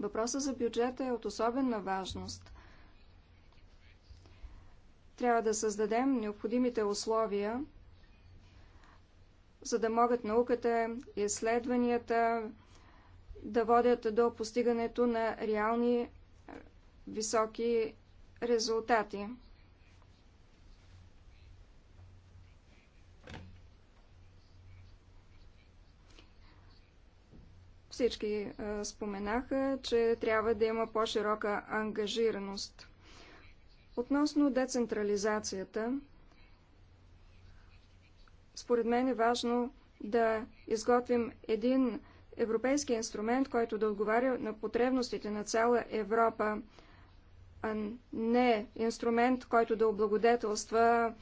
Въпросът за бюджета е от особена важност. Трябва да създадем необходимите условия, за да могат науката, и изследванията да водят до постигането на реални високи резултати. Всички споменаха, че трябва да има по-широка ангажираност. Относно децентрализацията, според мен е важно да изготвим един европейски инструмент, който да отговаря на потребностите на цяла Европа, а не инструмент, който да облагодетелства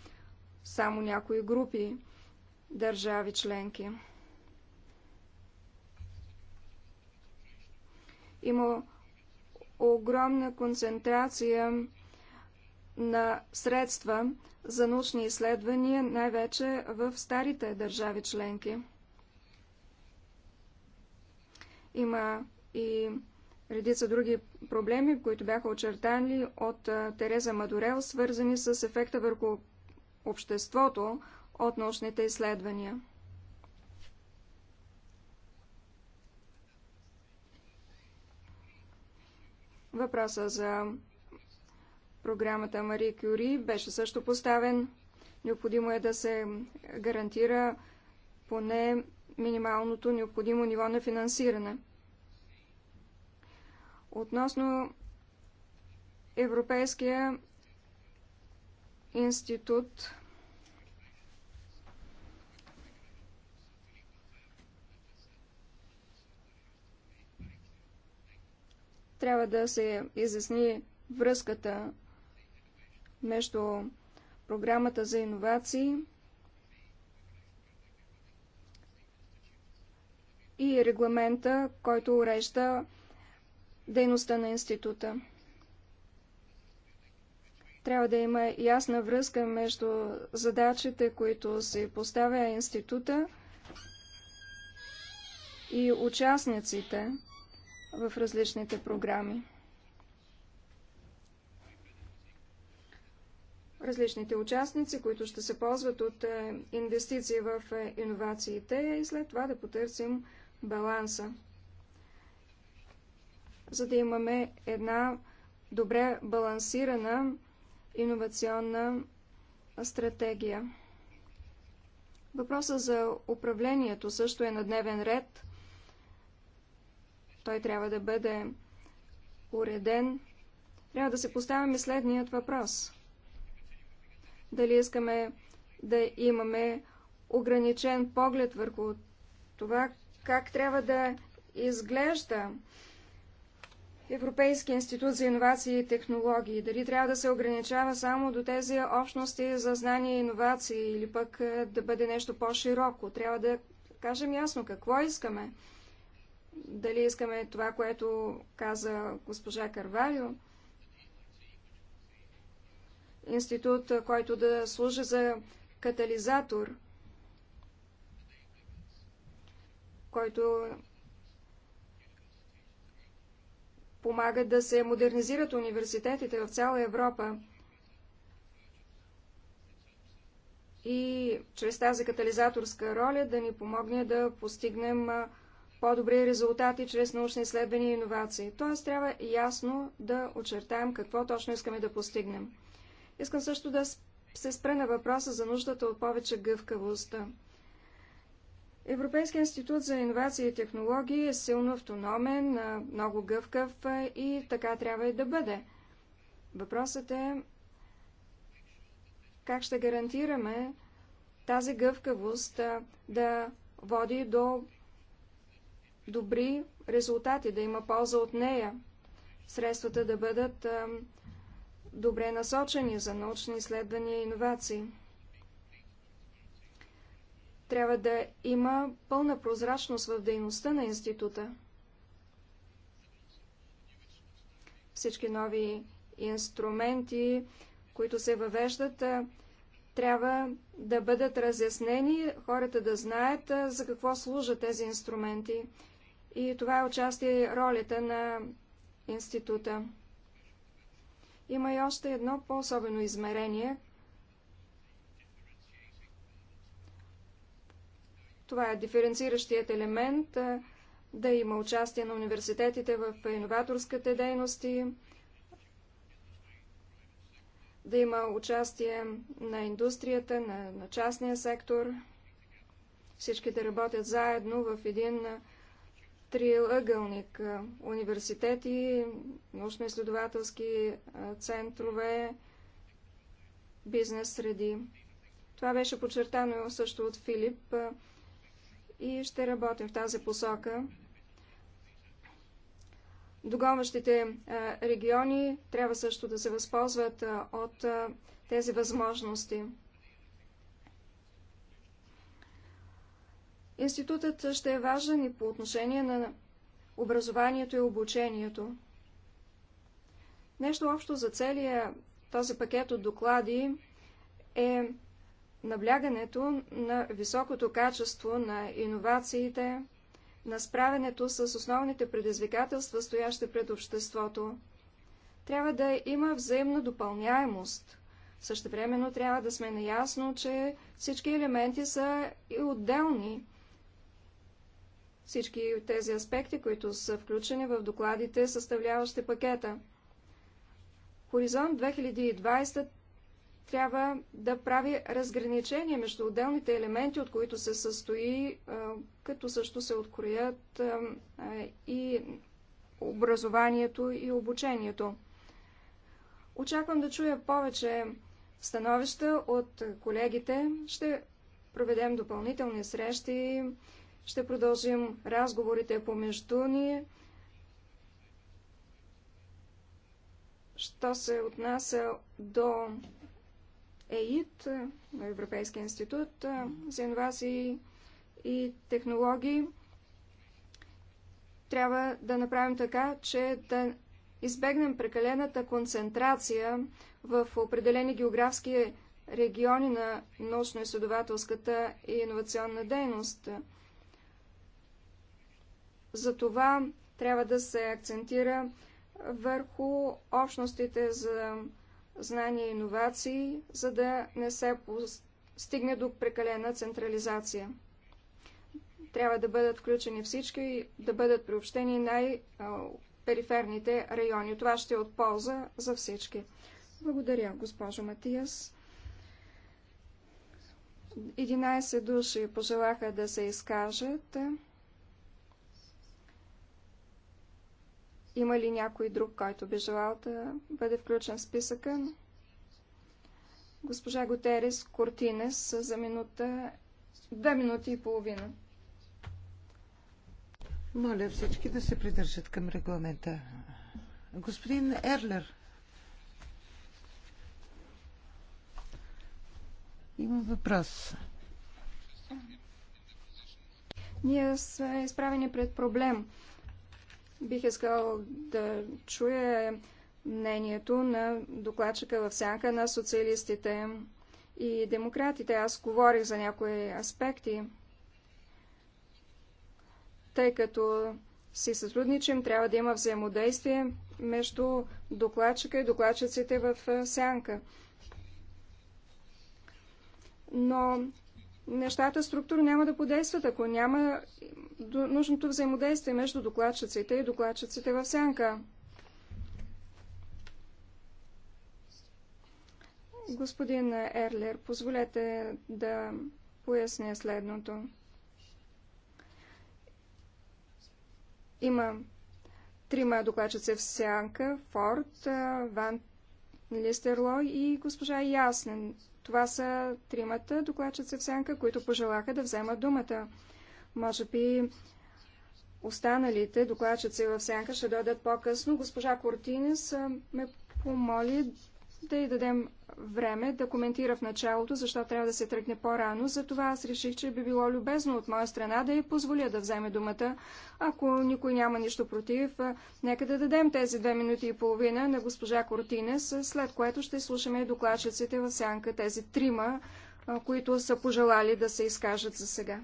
само някои групи държави членки. Има огромна концентрация на средства за научни изследвания, най-вече в старите държави членки. Има и редица други проблеми, които бяха очертани от Тереза Мадурел, свързани с ефекта върху обществото от научните изследвания. Въпроса за програмата Мари Кюри беше също поставен. Необходимо е да се гарантира поне минималното необходимо ниво на финансиране. Относно Европейския институт Трябва да се изясни връзката между програмата за иновации и регламента, който урежда дейността на института. Трябва да има ясна връзка между задачите, които се поставя института и участниците в различните програми. различните участници, които ще се ползват от е, инвестиции в е, иновациите и след това да потърсим баланса, за да имаме една добре балансирана иновационна стратегия. Въпросът за управлението също е на дневен ред. Той трябва да бъде уреден. Трябва да се поставяме следният въпрос. Дали искаме да имаме ограничен поглед върху това, как трябва да изглежда Европейски институт за иновации и технологии? Дали трябва да се ограничава само до тези общности за знания и иновации или пък да бъде нещо по-широко? Трябва да кажем ясно какво искаме дали искаме това, което каза госпожа Карвалио, институт, който да служи за катализатор, който помага да се модернизират университетите в цяла Европа. И чрез тази катализаторска роля да ни помогне да постигнем по-добри резултати чрез научни изследвания и иновации. Т.е. трябва ясно да очертаем какво точно искаме да постигнем. Искам също да се спре на въпроса за нуждата от повече гъвкавостта. Европейския институт за иновации и технологии е силно автономен, много гъвкав и така трябва и да бъде. Въпросът е как ще гарантираме тази гъвкавост да води до добри резултати, да има полза от нея, средствата да бъдат а, добре насочени за научни изследвания и иновации. Трябва да има пълна прозрачност в дейността на института. Всички нови инструменти, които се въвеждат, трябва да бъдат разяснени, хората да знаят за какво служат тези инструменти. И това е участие ролята на института. Има и още едно по-особено измерение. Това е диференциращият елемент да има участие на университетите в иноваторските дейности, да има участие на индустрията, на, на частния сектор, всички да работят заедно в един триъгълник – университети, научно-изследователски центрове, бизнес среди. Това беше подчертано също от Филип и ще работим в тази посока. Догонващите региони трябва също да се възползват от тези възможности. Институтът ще е важен и по отношение на образованието и обучението. Нещо общо за целия този пакет от доклади е наблягането на високото качество на иновациите, на справянето с основните предизвикателства, стоящи пред обществото. Трябва да има взаимна допълняемост. Същевременно трябва да сме наясно, че всички елементи са и отделни всички тези аспекти, които са включени в докладите, съставляващи пакета. Хоризонт 2020 трябва да прави разграничение между отделните елементи, от които се състои, като също се откроят и образованието и обучението. Очаквам да чуя повече становища от колегите. Ще проведем допълнителни срещи ще продължим разговорите помежду ни. Що се отнася до ЕИТ, на Европейския институт за инновации и технологии, трябва да направим така, че да избегнем прекалената концентрация в определени географски региони на научно-изследователската и иновационна дейност – затова трябва да се акцентира върху общностите за знания и иновации, за да не се стигне до прекалена централизация. Трябва да бъдат включени всички и да бъдат приобщени най-периферните райони. Това ще е от полза за всички. Благодаря, госпожо Матиас. 11 души пожелаха да се изкажат. Има ли някой друг, който би желал да бъде включен в списъка? Госпожа Готерес Кортинес за минута, две минути и половина. Моля всички да се придържат към регламента. Господин Ерлер, има въпрос. Ние сме изправени пред проблем. Бих искал да чуя мнението на докладчика в сянка на социалистите и демократите. Аз говорих за някои аспекти. Тъй като си сътрудничим, трябва да има взаимодействие между докладчика и докладчиците в сянка. Но нещата структура няма да подействат, ако няма нужното взаимодействие между докладчиците и докладчиците в сянка. Господин Ерлер, позволете да поясня следното. Има трима докладчици в сянка, Форд, Ван Листерло и госпожа Яснен. Това са тримата докладчици в сянка, които пожелаха да вземат думата. Може би останалите докладчици в сянка ще дойдат по-късно. Госпожа Кортинес ме помоли да й дадем време да коментира в началото, защо трябва да се тръгне по-рано. Затова аз реших, че би било любезно от моя страна да й позволя да вземе думата. Ако никой няма нищо против, нека да дадем тези две минути и половина на госпожа Кортинес, след което ще слушаме и докладчиците в сянка, тези трима, които са пожелали да се изкажат за сега.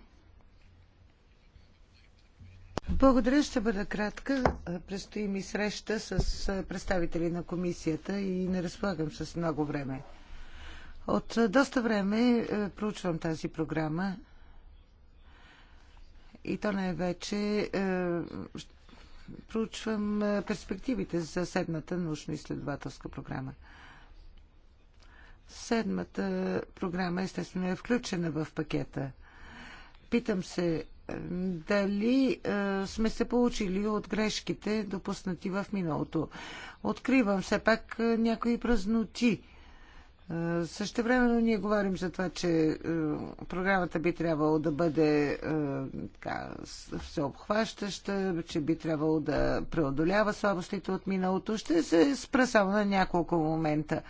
Благодаря, ще бъда кратка. Предстои ми среща с представители на комисията и не разполагам с много време. От доста време проучвам тази програма и то не е вече. Проучвам перспективите за седмата научно-изследователска програма. Седмата програма, естествено, е включена в пакета. Питам се дали е, сме се получили от грешките, допуснати в миналото. Откривам все пак е, някои празноти. Е, Също времено ние говорим за това, че програмата би трябвало да бъде така, всеобхващаща, че би трябвало да преодолява слабостите от миналото. Ще се спра само на няколко момента.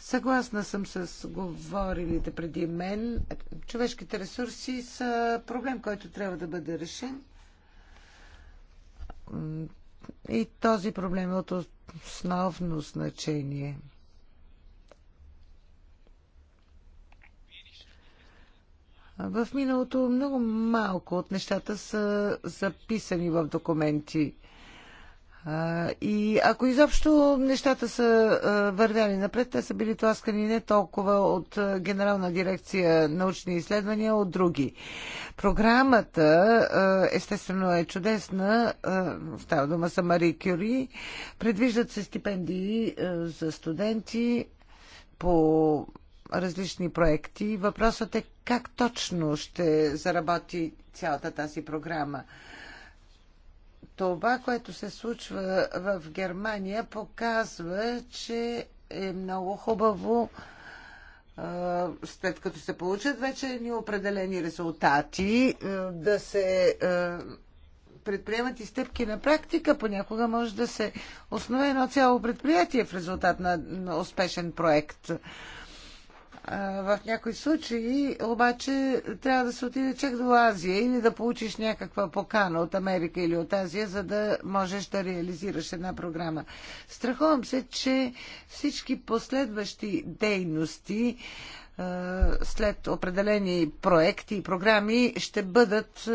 Съгласна съм с говорилите преди мен. Човешките ресурси са проблем, който трябва да бъде решен. И този проблем е от основно значение. В миналото много малко от нещата са записани в документи – и ако изобщо нещата са вървяли напред, те са били тласкани не толкова от Генерална дирекция научни изследвания, от други. Програмата, естествено, е чудесна. Става дума са Мари Кюри. Предвиждат се стипендии за студенти по различни проекти. Въпросът е как точно ще заработи цялата тази програма това, което се случва в Германия, показва, че е много хубаво след като се получат вече ни определени резултати, да се предприемат и стъпки на практика. Понякога може да се основе едно цяло предприятие в резултат на успешен проект в някои случаи обаче трябва да се отиде чак до Азия или да получиш някаква покана от Америка или от Азия, за да можеш да реализираш една програма. Страхувам се, че всички последващи дейности след определени проекти и програми ще бъдат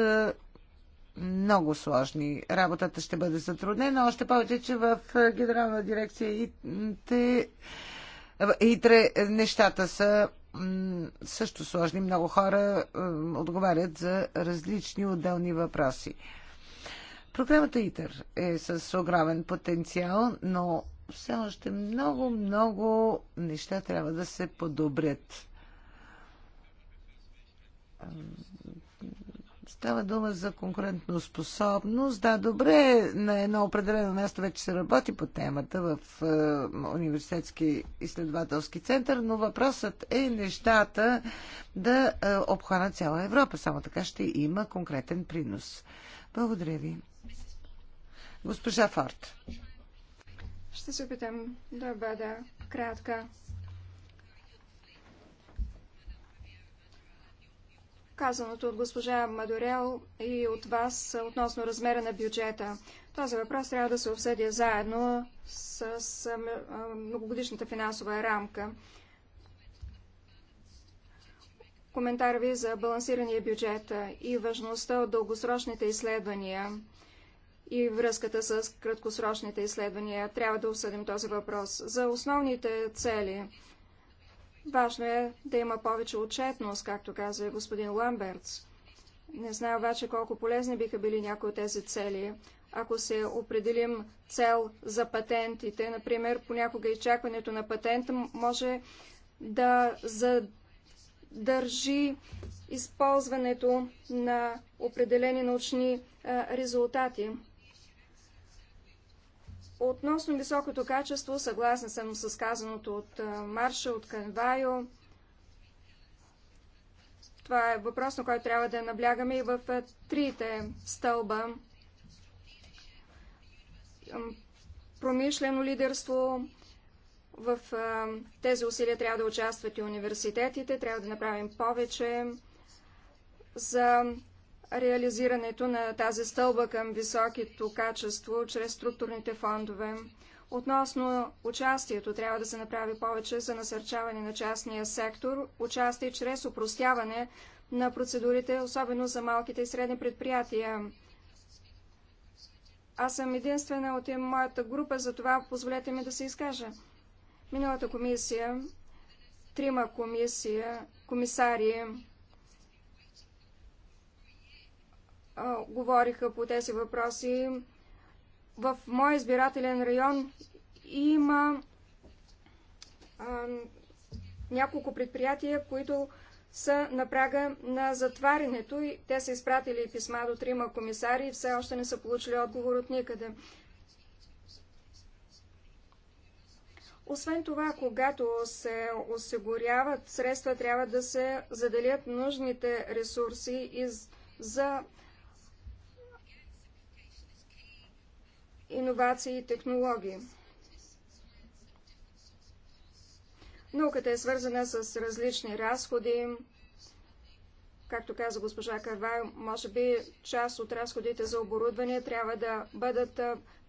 много сложни. Работата ще бъде затруднена, още повече, че в Генерална дирекция и те е, Итре е, нещата са също сложни. Много хора е, отговарят за различни отделни въпроси. Програмата ИТЕР е с огромен потенциал, но все още много, много неща трябва да се подобрят. Става дума за конкурентно способност. Да, добре, на едно определено място вече се работи по темата в е, университетски изследователски център, но въпросът е нещата да е, обхванат цяла Европа. Само така ще има конкретен принос. Благодаря ви. Госпожа Форд. Ще се опитам да бъда кратка. казаното от госпожа Мадорел и от вас относно размера на бюджета. Този въпрос трябва да се обсъди заедно с многогодишната финансова рамка. Коментар ви за балансирания бюджет и важността от дългосрочните изследвания и връзката с краткосрочните изследвания. Трябва да обсъдим този въпрос. За основните цели Важно е да има повече отчетност, както каза господин Ламбертс. Не знаю обаче колко полезни биха били някои от тези цели. Ако се определим цел за патентите, например, понякога изчакването на патента може да задържи използването на определени научни резултати. Относно високото качество, съгласна съм с казаното от Марша, от Канвайо. Това е въпрос, на който трябва да наблягаме и в трите стълба. Промишлено лидерство, в тези усилия трябва да участват и университетите, трябва да направим повече за реализирането на тази стълба към високито качество чрез структурните фондове. Относно участието, трябва да се направи повече за насърчаване на частния сектор, участие чрез упростяване на процедурите, особено за малките и средни предприятия. Аз съм единствена от моята група, затова позволете ми да се изкажа. Миналата комисия, трима комисия, комисари, говориха по тези въпроси. В мой избирателен район има а, няколко предприятия, които са на прага на затварянето и те са изпратили писма до трима комисари и все още не са получили отговор от никъде. Освен това, когато се осигуряват средства, трябва да се заделят нужните ресурси из, за иновации и технологии. Науката е свързана с различни разходи. Както каза госпожа Карвай, може би част от разходите за оборудване трябва да бъдат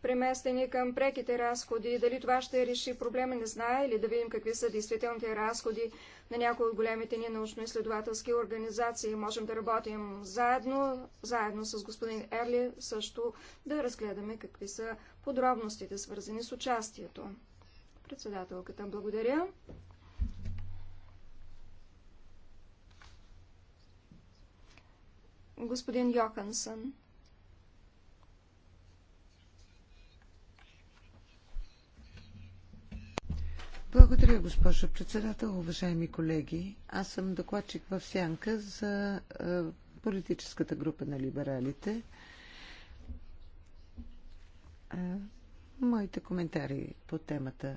преместени към преките разходи. Дали това ще реши проблема, не знае, или да видим какви са действителните разходи на някои от големите ни научно-изследователски организации. Можем да работим заедно, заедно с господин Ерли, също да разгледаме какви са подробностите, свързани с участието. Председателката, благодаря. Господин Йохансън. Благодаря, госпожо председател. Уважаеми колеги, аз съм докладчик в Сянка за е, политическата група на либералите. Е, моите коментари по темата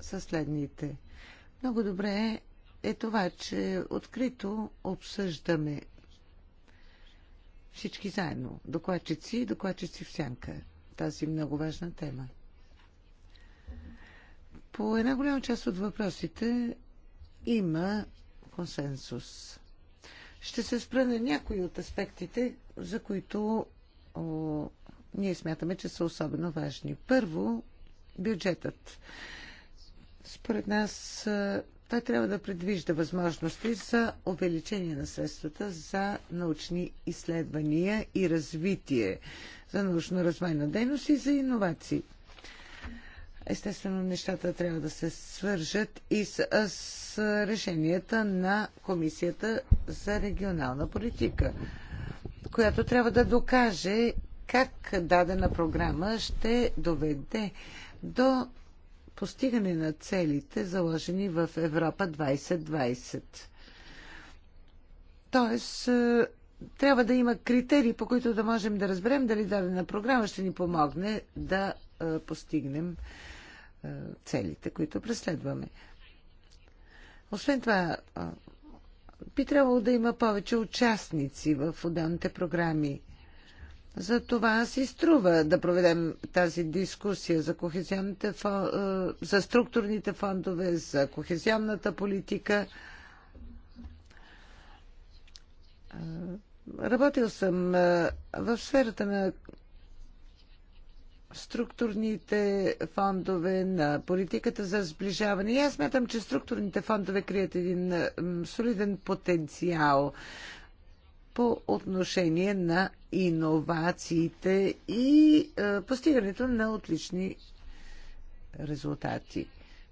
са следните. Много добре е това, че открито обсъждаме всички заедно, докладчици и докладчици в сянка, тази много важна тема – по една голяма част от въпросите има консенсус. Ще се спра на някои от аспектите, за които о, ние смятаме, че са особено важни. Първо, бюджетът. Според нас той трябва да предвижда възможности за увеличение на средствата за научни изследвания и развитие, за научно-развойна дейност и за иновации. Естествено, нещата трябва да се свържат и с, с решенията на Комисията за регионална политика, която трябва да докаже как дадена програма ще доведе до постигане на целите, заложени в Европа 2020. Тоест, е, трябва да има критерии, по които да можем да разберем дали дадена програма ще ни помогне да е, постигнем е, целите, които преследваме. Освен това, би трябвало да има повече участници в отделните програми. За това си струва да проведем тази дискусия за, кохезионните, е, за структурните фондове, за кохезионната политика. Е, работил съм в сферата на структурните фондове, на политиката за сближаване. И аз смятам, че структурните фондове крият един солиден потенциал по отношение на иновациите и е, постигането на отлични резултати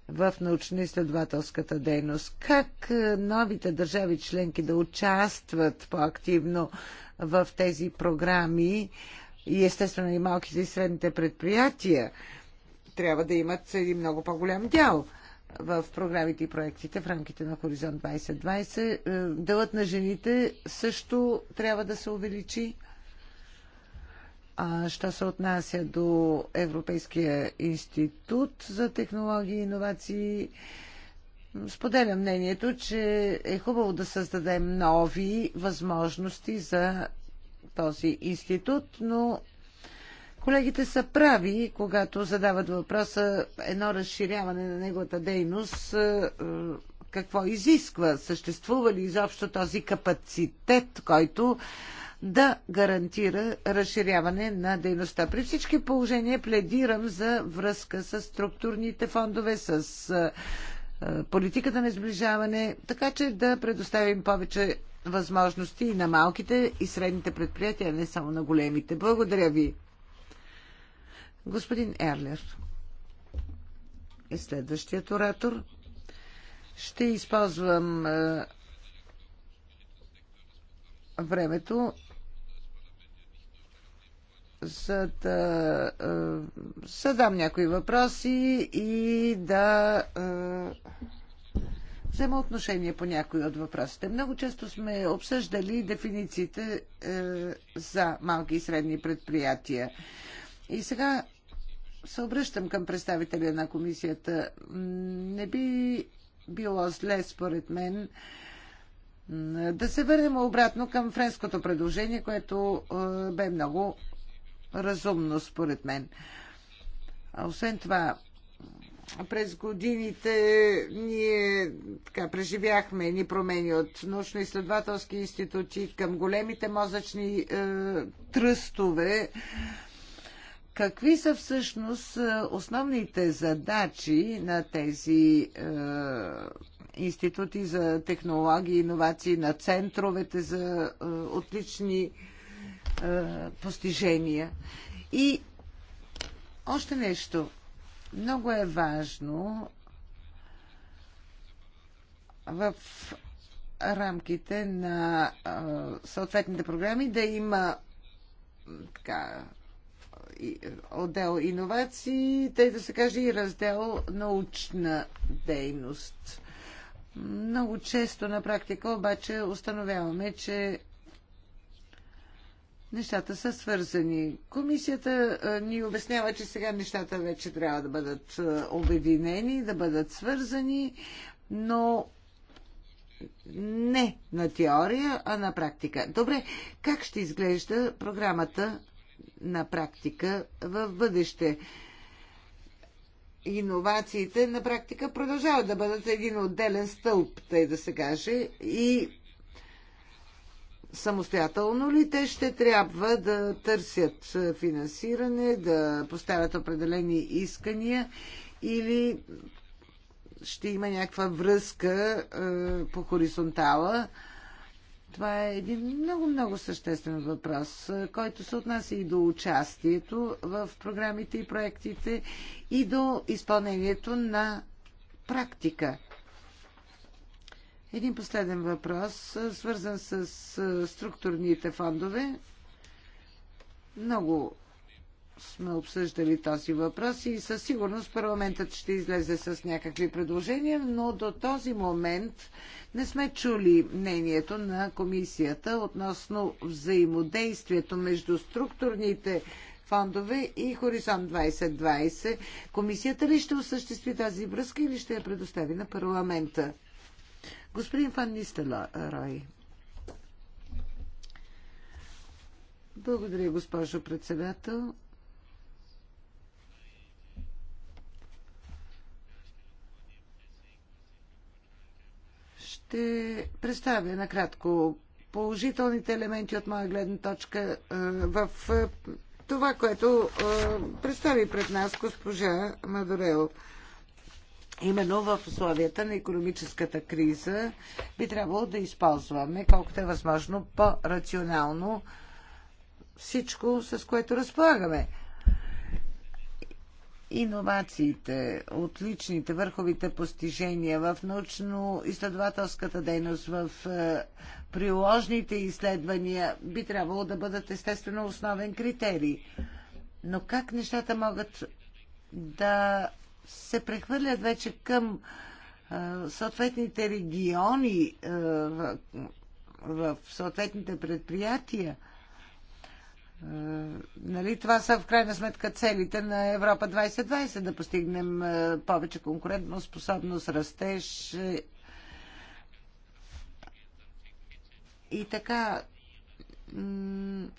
в научно-изследователската дейност. Как е, новите държави членки да участват по-активно в тези програми? и естествено и малките и средните предприятия трябва да имат един много по-голям дял в програмите и проектите в рамките на Хоризонт 2020. Е, делът на жените също трябва да се увеличи. А що се отнася до Европейския институт за технологии и иновации, споделя мнението, че е хубаво да създадем нови възможности за този институт, но колегите са прави, когато задават въпроса едно разширяване на неговата дейност, е, какво изисква, съществува ли изобщо този капацитет, който да гарантира разширяване на дейността. При всички положения пледирам за връзка с структурните фондове, с е, политиката на изближаване, така че да предоставим повече възможности и на малките и средните предприятия, не само на големите. Благодаря ви. Господин Ерлер е следващият оратор. Ще използвам е, времето, за да е, задам някои въпроси и да е, взема отношение по някои от въпросите. Много често сме обсъждали дефинициите е, за малки и средни предприятия. И сега се обръщам към представителя на комисията. Не би било зле, според мен, да се върнем обратно към френското предложение, което е, бе много разумно, според мен. А освен това, през годините ние така, преживяхме ни промени от научно-изследователски институти към големите мозъчни е, тръстове. Какви са всъщност е, основните задачи на тези е, институти за технологии и иновации, на центровете за е, отлични е, постижения? И още нещо. Много е важно в рамките на съответните програми да има така, отдел иновации, тъй да се каже и раздел научна дейност. Много често на практика обаче установяваме, че нещата са свързани. Комисията ни обяснява, че сега нещата вече трябва да бъдат обединени, да бъдат свързани, но не на теория, а на практика. Добре, как ще изглежда програмата на практика в бъдеще? Иновациите на практика продължават да бъдат един отделен стълб, тъй да се каже, и самостоятелно ли те ще трябва да търсят финансиране, да поставят определени искания или ще има някаква връзка е, по хоризонтала. Това е един много-много съществен въпрос, е, който се отнася и до участието в програмите и проектите и до изпълнението на практика. Един последен въпрос, свързан с структурните фондове. Много сме обсъждали този въпрос и със сигурност парламентът ще излезе с някакви предложения, но до този момент не сме чули мнението на комисията относно взаимодействието между структурните фондове и Хоризонт 2020. Комисията ли ще осъществи тази връзка или ще я предостави на парламента? Господин Фан Нистеларой. Благодаря, госпожо председател. Ще представя накратко положителните елементи от моя гледна точка в това, което представи пред нас госпожа Мадорел. Именно в условията на економическата криза би трябвало да използваме колкото е възможно по-рационално всичко, с което разполагаме. Иновациите, отличните, върховите постижения в научно-изследователската дейност, в е, приложните изследвания би трябвало да бъдат естествено основен критерий. Но как нещата могат да се прехвърлят вече към съответните региони, в съответните предприятия. Нали, това са в крайна сметка целите на Европа 2020 да постигнем повече конкурентно способност, растеж и така.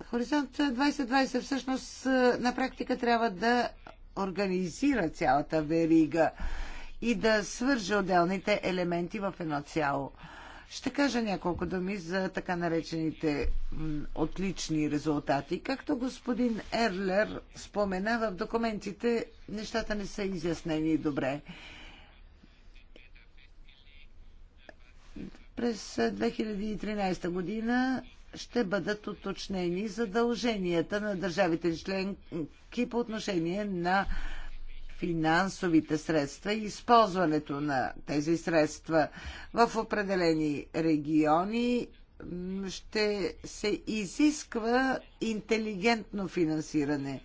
Хоризонт 2020 всъщност на практика трябва да организира цялата верига и да свърже отделните елементи в едно цяло. Ще кажа няколко думи за така наречените отлични резултати. Както господин Ерлер спомена в документите, нещата не са изяснени добре. През 2013 година ще бъдат уточнени задълженията на държавите членки по отношение на финансовите средства и използването на тези средства в определени региони ще се изисква интелигентно финансиране, е,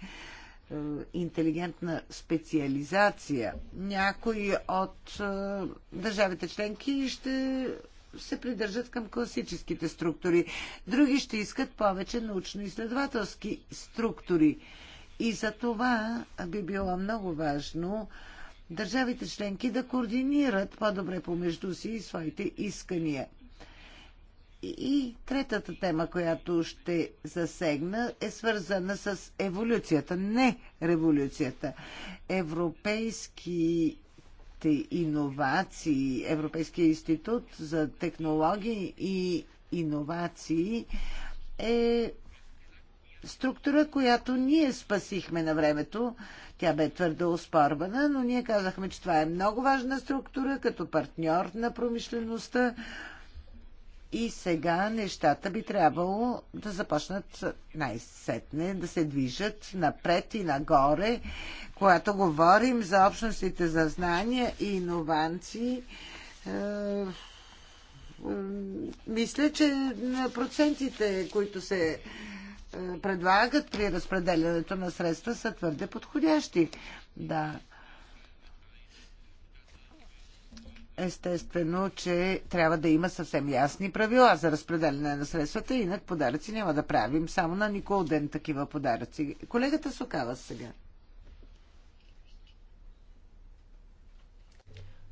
интелигентна специализация. Някои от е, държавите членки ще се придържат към класическите структури. Други ще искат повече научно-изследователски структури. И за това би било много важно държавите членки да координират по-добре помежду си и своите искания. И третата тема, която ще засегна, е свързана с еволюцията, не революцията. Европейски иновации, Европейския институт за технологии и иновации е структура, която ние спасихме на времето. Тя бе твърдо оспорвана, но ние казахме, че това е много важна структура като партньор на промишлеността. И сега нещата би трябвало да започнат най-сетне, да се движат напред и нагоре. Когато говорим за общностите за знания и иновации, е, е, мисля, че на процентите, които се е, предлагат при разпределянето на средства, са твърде подходящи. Да. Естествено, че трябва да има съвсем ясни правила за разпределяне на средствата, инак подаръци няма да правим. Само на никой ден такива подаръци. Колегата Сокава сега.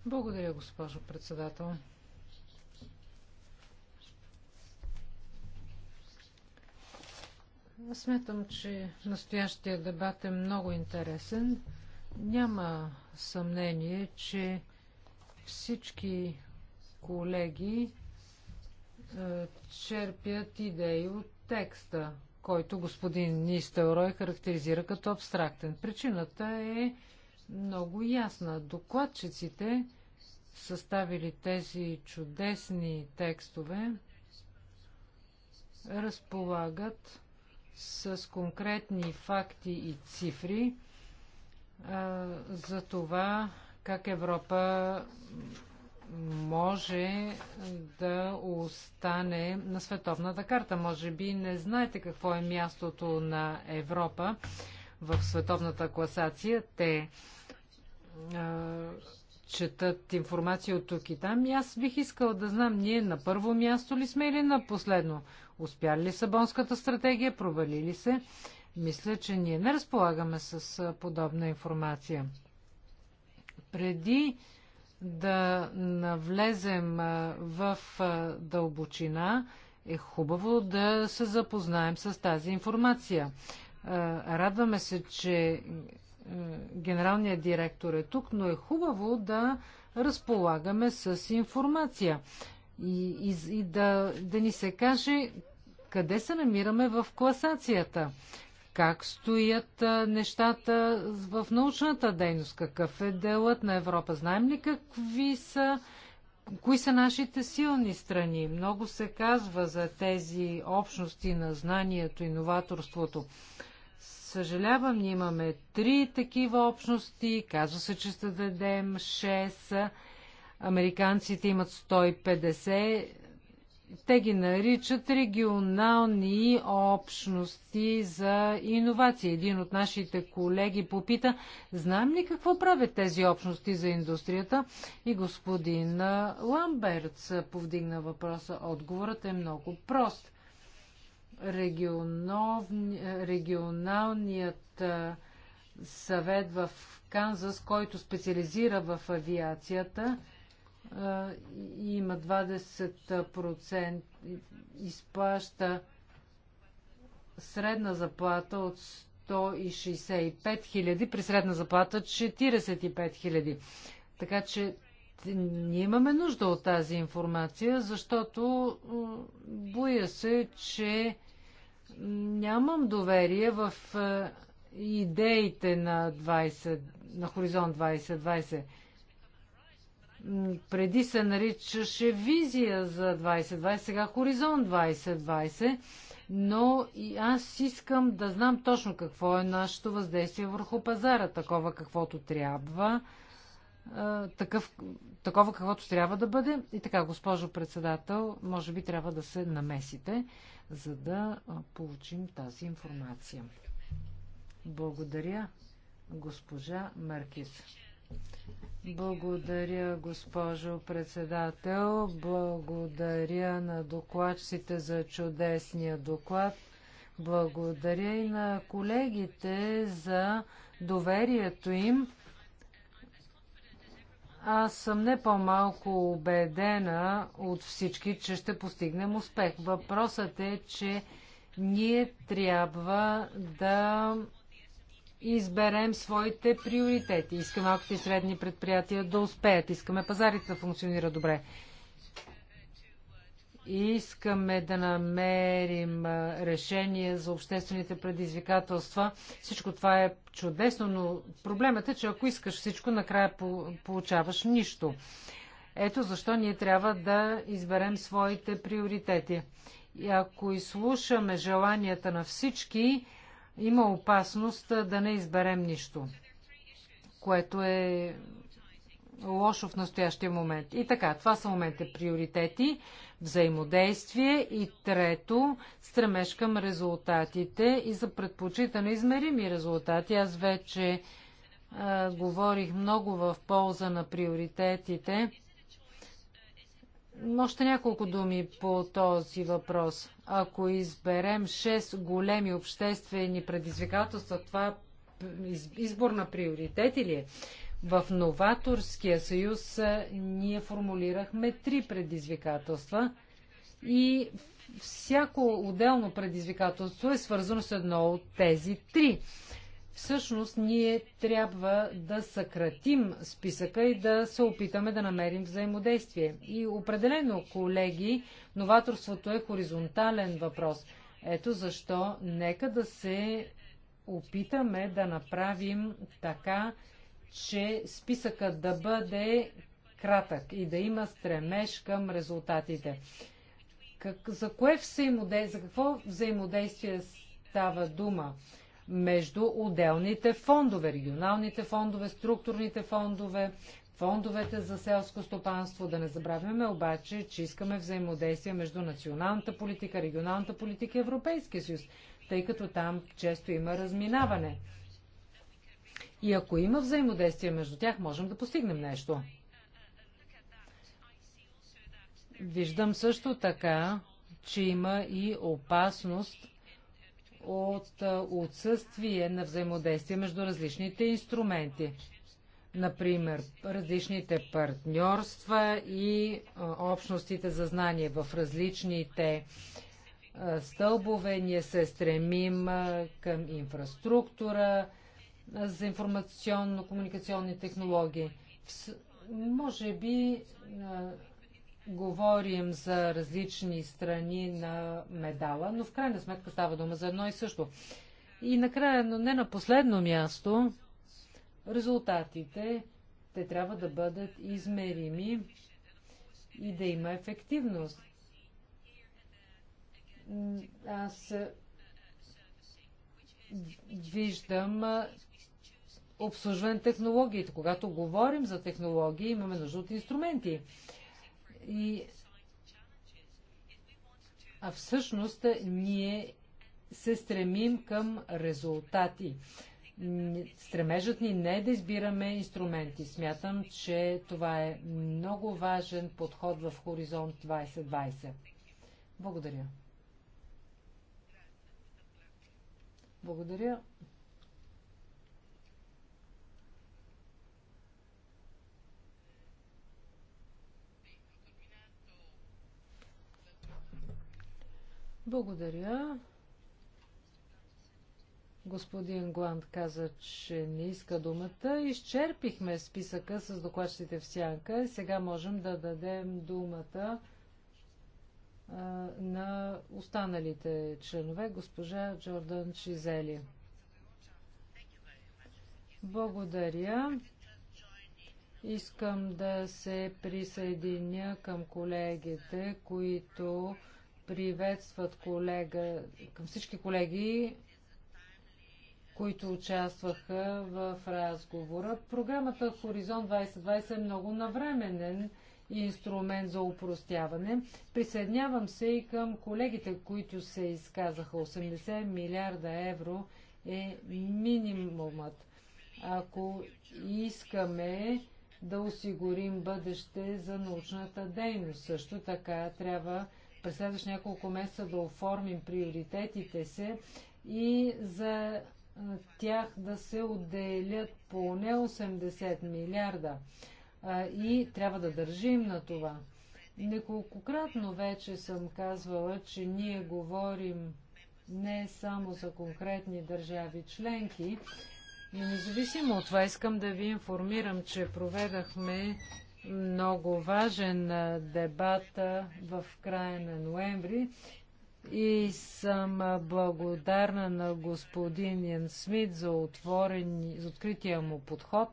Благодаря, госпожо председател. Аз смятам, че настоящия дебат е много интересен. Няма съмнение, че всички колеги е, черпят идеи от текста, който господин Нистелрой характеризира като абстрактен. Причината е много ясна. Докладчиците, съставили тези чудесни текстове, разполагат с конкретни факти и цифри а, за това как Европа може да остане на световната карта. Може би не знаете какво е мястото на Европа в световната класация. Те а, четат информация от тук и там. И аз бих искал да знам, ние на първо място ли сме или на последно? Успя ли Сабонската стратегия? провалили се? Мисля, че ние не разполагаме с подобна информация преди да навлезем в дълбочина, е хубаво да се запознаем с тази информация. Радваме се, че генералният директор е тук, но е хубаво да разполагаме с информация и, и, и да, да ни се каже къде се намираме в класацията как стоят нещата в научната дейност, какъв е делът на Европа. Знаем ли какви са, кои са нашите силни страни? Много се казва за тези общности на знанието и новаторството. Съжалявам, ние имаме три такива общности, казва се, че ще дадем 6. Американците имат 150, те ги наричат регионални общности за иновации. Един от нашите колеги попита, знаем ли какво правят тези общности за индустрията? И господин Ламберт повдигна въпроса. Отговорът е много прост. Регионов... Регионалният съвет в Канзас, който специализира в авиацията, има 20% изплаща средна заплата от 165 000, при средна заплата 45 000. Така че ние имаме нужда от тази информация, защото боя се, че нямам доверие в е, идеите на, 20, на Хоризонт 2020 преди се наричаше визия за 2020, сега хоризонт 2020, но и аз искам да знам точно какво е нашето въздействие върху пазара, такова каквото трябва, такъв, такова каквото трябва да бъде. И така, госпожо председател, може би трябва да се намесите, за да получим тази информация. Благодаря, госпожа Меркис. Благодаря, госпожо председател. Благодаря на докладчиците за чудесния доклад. Благодаря и на колегите за доверието им. Аз съм не по-малко убедена от всички, че ще постигнем успех. Въпросът е, че ние трябва да изберем своите приоритети. Искаме малките и средни предприятия да успеят. Искаме пазарите да функционира добре. Искаме да намерим решение за обществените предизвикателства. Всичко това е чудесно, но проблемът е, че ако искаш всичко, накрая получаваш нищо. Ето защо ние трябва да изберем своите приоритети. И ако изслушаме желанията на всички, има опасност да не изберем нищо, което е лошо в настоящия момент. И така, това са моментите приоритети, взаимодействие и трето, стремеж към резултатите и за предпочитане измерими резултати. Аз вече а, говорих много в полза на приоритетите още няколко думи по този въпрос. Ако изберем 6 големи обществени предизвикателства, това е избор на приоритети ли е? В новаторския съюз ние формулирахме три предизвикателства и всяко отделно предизвикателство е свързано с едно от тези три. Всъщност ние трябва да съкратим списъка и да се опитаме да намерим взаимодействие. И определено, колеги, новаторството е хоризонтален въпрос. Ето защо нека да се опитаме да направим така, че списъкът да бъде кратък и да има стремеж към резултатите. Как, за, кое за какво взаимодействие става дума? между отделните фондове, регионалните фондове, структурните фондове, фондовете за селско стопанство. Да не забравяме обаче, че искаме взаимодействие между националната политика, регионалната политика и Европейския съюз, тъй като там често има разминаване. И ако има взаимодействие между тях, можем да постигнем нещо. Виждам също така, че има и опасност от отсъствие на взаимодействие между различните инструменти. Например, различните партньорства и общностите за знание в различните стълбове. Ние се стремим към инфраструктура за информационно-комуникационни технологии. Може би говорим за различни страни на медала, но в крайна сметка става дума за едно и също. И накрая, но не на последно място, резултатите, те трябва да бъдат измерими и да има ефективност. Аз виждам обслужване технологиите. Когато говорим за технологии, имаме нужда от инструменти. И... А всъщност ние се стремим към резултати. Стремежът ни не е да избираме инструменти. Смятам, че това е много важен подход в Хоризонт 2020. Благодаря. Благодаря. Благодаря. Господин Гланд каза, че не иска думата. Изчерпихме списъка с докладчите в сянка. Сега можем да дадем думата а, на останалите членове, госпожа Джордан Чизели. Благодаря. Искам да се присъединя към колегите, които приветстват колега, към всички колеги, които участваха в разговора. Програмата Хоризонт 2020 е много навременен инструмент за упростяване. Присъединявам се и към колегите, които се изказаха. 80 милиарда евро е минимумът. Ако искаме да осигурим бъдеще за научната дейност, също така трябва през следващи няколко месеца да оформим приоритетите се и за тях да се отделят поне 80 милиарда. И трябва да държим на това. Неколкократно вече съм казвала, че ние говорим не само за конкретни държави членки, но независимо от това искам да ви информирам, че проведахме много важен дебат в края на ноември и съм благодарна на господин Ян Смит за, отворен, за открития му подход.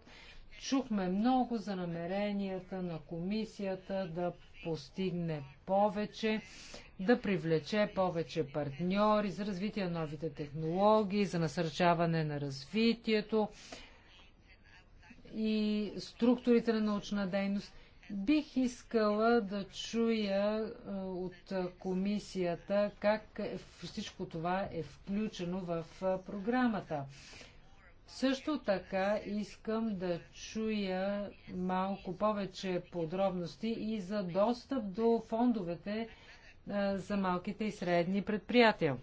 Чухме много за намеренията на комисията да постигне повече, да привлече повече партньори за развитие на новите технологии, за насърчаване на развитието, и структурите на научна дейност. Бих искала да чуя е, от комисията как е, всичко това е включено в е, програмата. Също така искам да чуя малко повече подробности и за достъп до фондовете за малките и средни предприятия.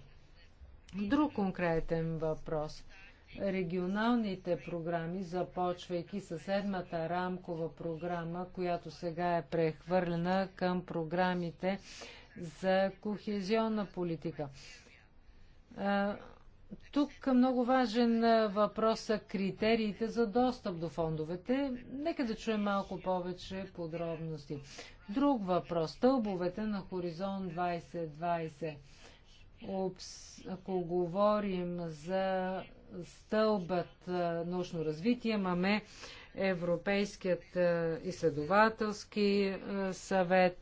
Друг конкретен въпрос – регионалните програми, започвайки със седмата рамкова програма, която сега е прехвърлена към програмите за кохезионна политика. Тук много важен въпрос са критериите за достъп до фондовете. Нека да чуем малко повече подробности. Друг въпрос. Стълбовете на Хоризонт 2020 ако говорим за стълбът научно развитие, имаме Европейският изследователски съвет.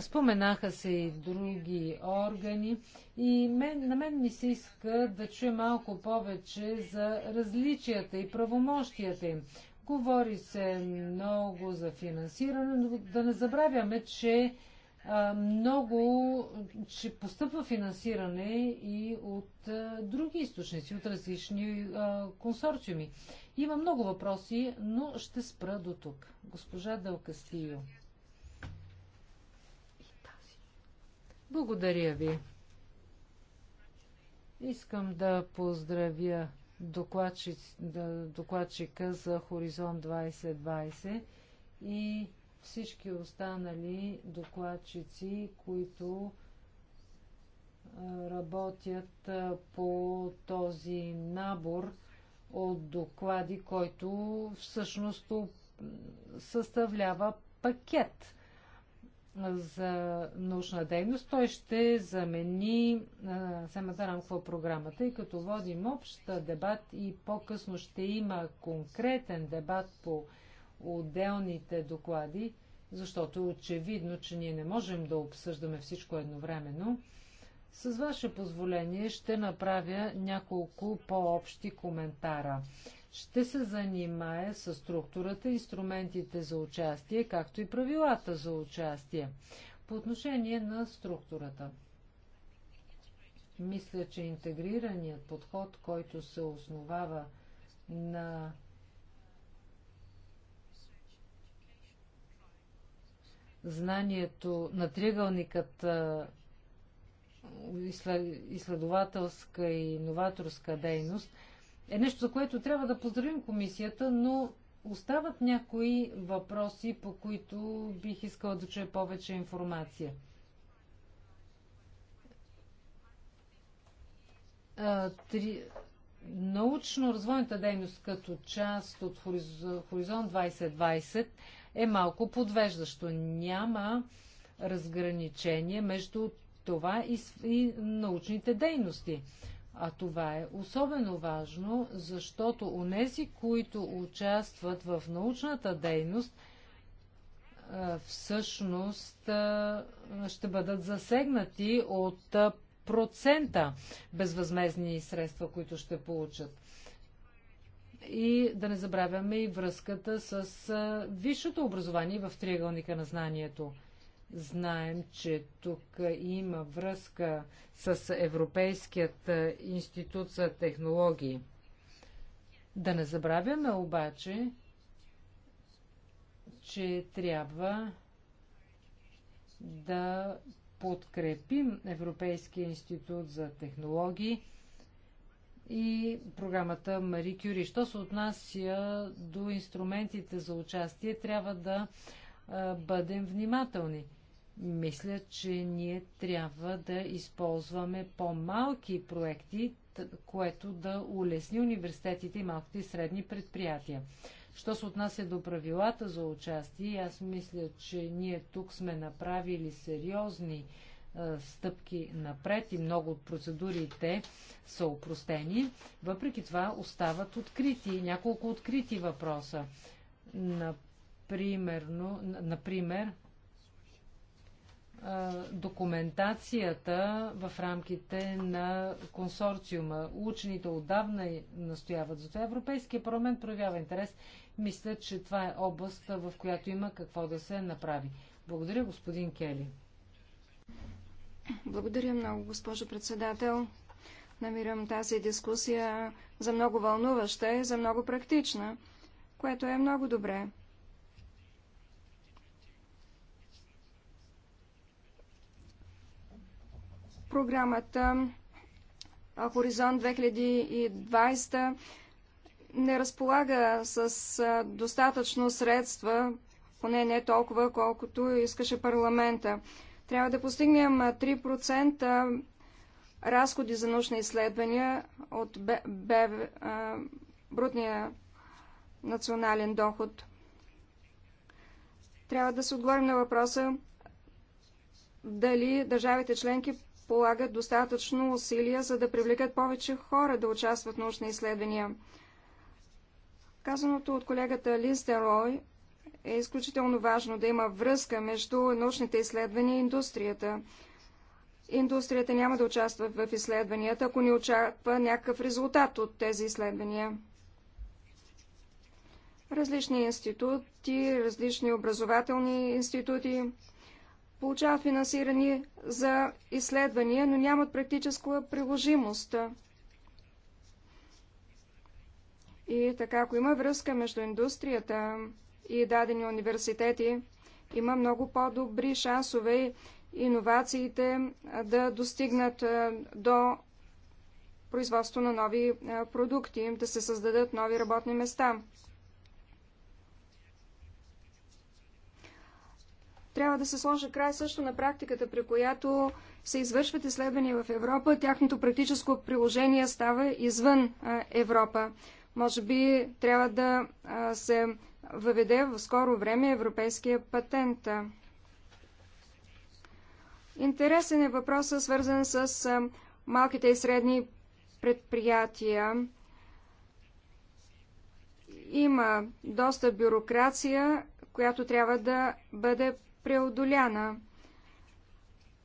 Споменаха се и други органи и мен, на мен ми се иска да чуя малко повече за различията и правомощията им. Говори се много за финансиране, но да не забравяме, че много, че постъпва финансиране и от а, други източници, от различни а, консорциуми. Има много въпроси, но ще спра до тук. Госпожа Дълкастио. Благодаря ви. Искам да поздравя докладчика за Хоризонт 2020 и всички останали докладчици, които работят по този набор от доклади, който всъщност съставлява пакет за научна дейност. Той ще замени самата рамкова програма, тъй като водим общ дебат и по-късно ще има конкретен дебат по отделните доклади, защото е очевидно, че ние не можем да обсъждаме всичко едновременно. С ваше позволение ще направя няколко по-общи коментара. Ще се занимая с структурата, инструментите за участие, както и правилата за участие. По отношение на структурата. Мисля, че интегрираният подход, който се основава на знанието на триъгълникът изследователска и новаторска дейност е нещо, за което трябва да поздравим комисията, но остават някои въпроси, по които бих искала да чуя повече информация. Три... Научно-развойната дейност като част от Хоризонт 2020 е малко подвеждащо. Няма разграничение между това и, и научните дейности. А това е особено важно, защото унези, които участват в научната дейност, всъщност ще бъдат засегнати от процента безвъзмезни средства, които ще получат. И да не забравяме и връзката с висшето образование в триъгълника на знанието. Знаем, че тук има връзка с Европейският институт за технологии. Да не забравяме обаче, че трябва да подкрепим Европейския институт за технологии и програмата Мари Кюри. Що се отнася до инструментите за участие, трябва да а, бъдем внимателни. Мисля, че ние трябва да използваме по-малки проекти, което да улесни университетите и малките и средни предприятия. Що се отнася до правилата за участие, аз мисля, че ние тук сме направили сериозни стъпки напред и много от процедурите са упростени. Въпреки това остават открити, няколко открити въпроса. Например, например документацията в рамките на консорциума. Учените отдавна настояват за това. Европейския парламент проявява интерес. Мисля, че това е област, в която има какво да се направи. Благодаря, господин Кели. Благодаря много, госпожо председател. Намирам тази дискусия за много вълнуваща и за много практична, което е много добре. Програмата Хоризонт 2020 не разполага с достатъчно средства, поне не толкова, колкото искаше парламента. Трябва да постигнем 3% разходи за научни изследвания от Б, Б, брутния национален доход. Трябва да се отговорим на въпроса дали държавите членки полагат достатъчно усилия, за да привлекат повече хора да участват в научни изследвания. Казаното от колегата Лиз е изключително важно да има връзка между научните изследвания и индустрията. Индустрията няма да участва в изследванията, ако не очаква някакъв резултат от тези изследвания. Различни институти, различни образователни институти получават финансирани за изследвания, но нямат практическа приложимост. И така, ако има връзка между индустрията, и дадени университети, има много по-добри шансове иновациите да достигнат до производство на нови продукти, да се създадат нови работни места. Трябва да се сложи край също на практиката, при която се извършват изследвания в Европа, тяхното практическо приложение става извън Европа. Може би трябва да се въведе в скоро време европейския патент. Интересен е въпросът, свързан с малките и средни предприятия. Има доста бюрокрация, която трябва да бъде преодоляна.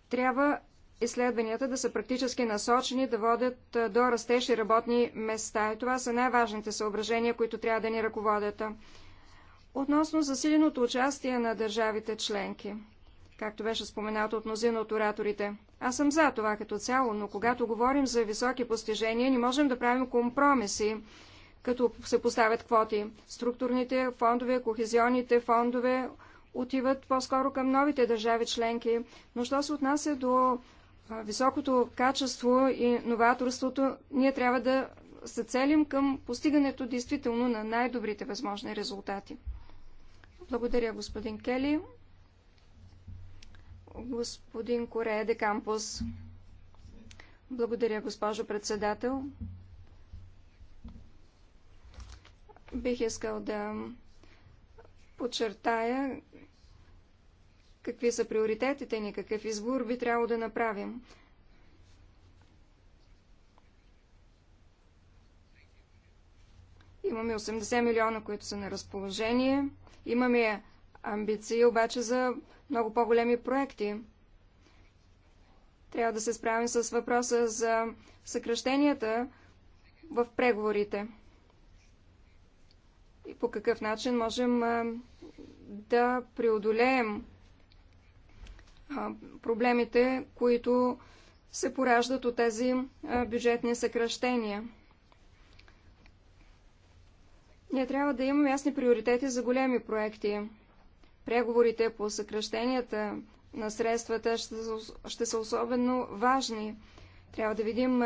Трябва изследванията да са практически насочени, да водят до растеж и работни места. И това са най-важните съображения, които трябва да ни ръководят. Относно засиленото участие на държавите членки, както беше споменато от мнозина от ораторите, аз съм за това като цяло, но когато говорим за високи постижения, не можем да правим компромиси, като се поставят квоти. Структурните фондове, кохезионните фондове отиват по-скоро към новите държави членки, но що се отнася до високото качество и новаторството, ние трябва да се целим към постигането действително на най-добрите възможни резултати. Благодаря, господин Кели. Господин Корея де Кампус. Благодаря, госпожо председател. Бих искал да подчертая какви са приоритетите ни, какъв избор би трябвало да направим. Имаме 80 милиона, които са на разположение. Имаме амбиции обаче за много по-големи проекти. Трябва да се справим с въпроса за съкръщенията в преговорите. И по какъв начин можем да преодолеем проблемите, които се пораждат от тези бюджетни съкръщения. Ние трябва да имаме ясни приоритети за големи проекти. Преговорите по съкръщенията на средствата ще, са особено важни. Трябва да видим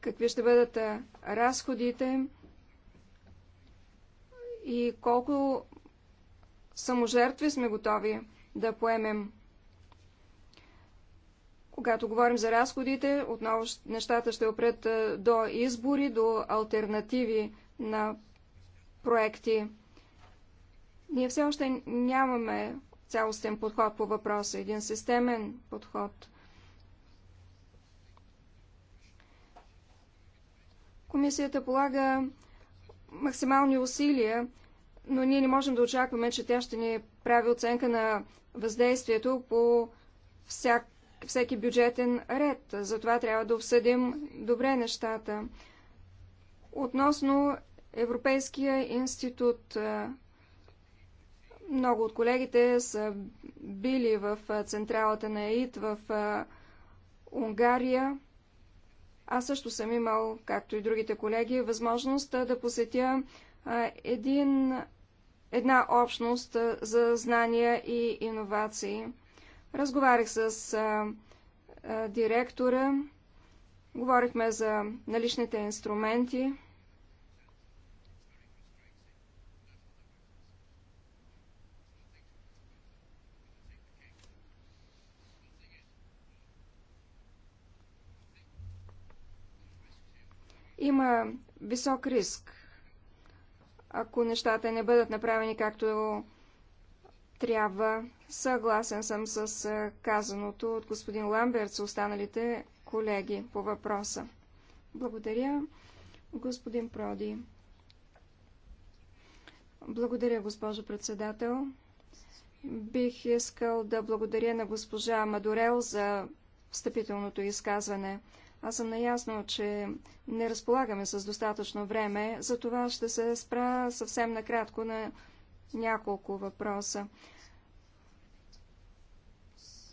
какви ще бъдат разходите и колко саможертви сме готови да поемем. Когато говорим за разходите, отново нещата ще опрят до избори, до альтернативи на проекти. Ние все още нямаме цялостен подход по въпроса, един системен подход. Комисията полага максимални усилия, но ние не можем да очакваме, че тя ще ни прави оценка на въздействието по всяк всеки бюджетен ред. Затова трябва да обсъдим добре нещата. Относно Европейския институт, е, много от колегите са били в е, централата на ЕИТ в е, Унгария. Аз също съм имал, както и другите колеги, възможност да посетя един, една общност за знания и иновации. Разговарях с а, а, директора, говорихме за наличните инструменти. Има висок риск, ако нещата не бъдат направени както трябва, съгласен съм с казаното от господин Ламберт с останалите колеги по въпроса. Благодаря, господин Проди. Благодаря, госпожо председател. Бих искал да благодаря на госпожа Мадорел за встъпителното изказване. Аз съм наясно, че не разполагаме с достатъчно време, затова ще се спра съвсем накратко на няколко въпроса.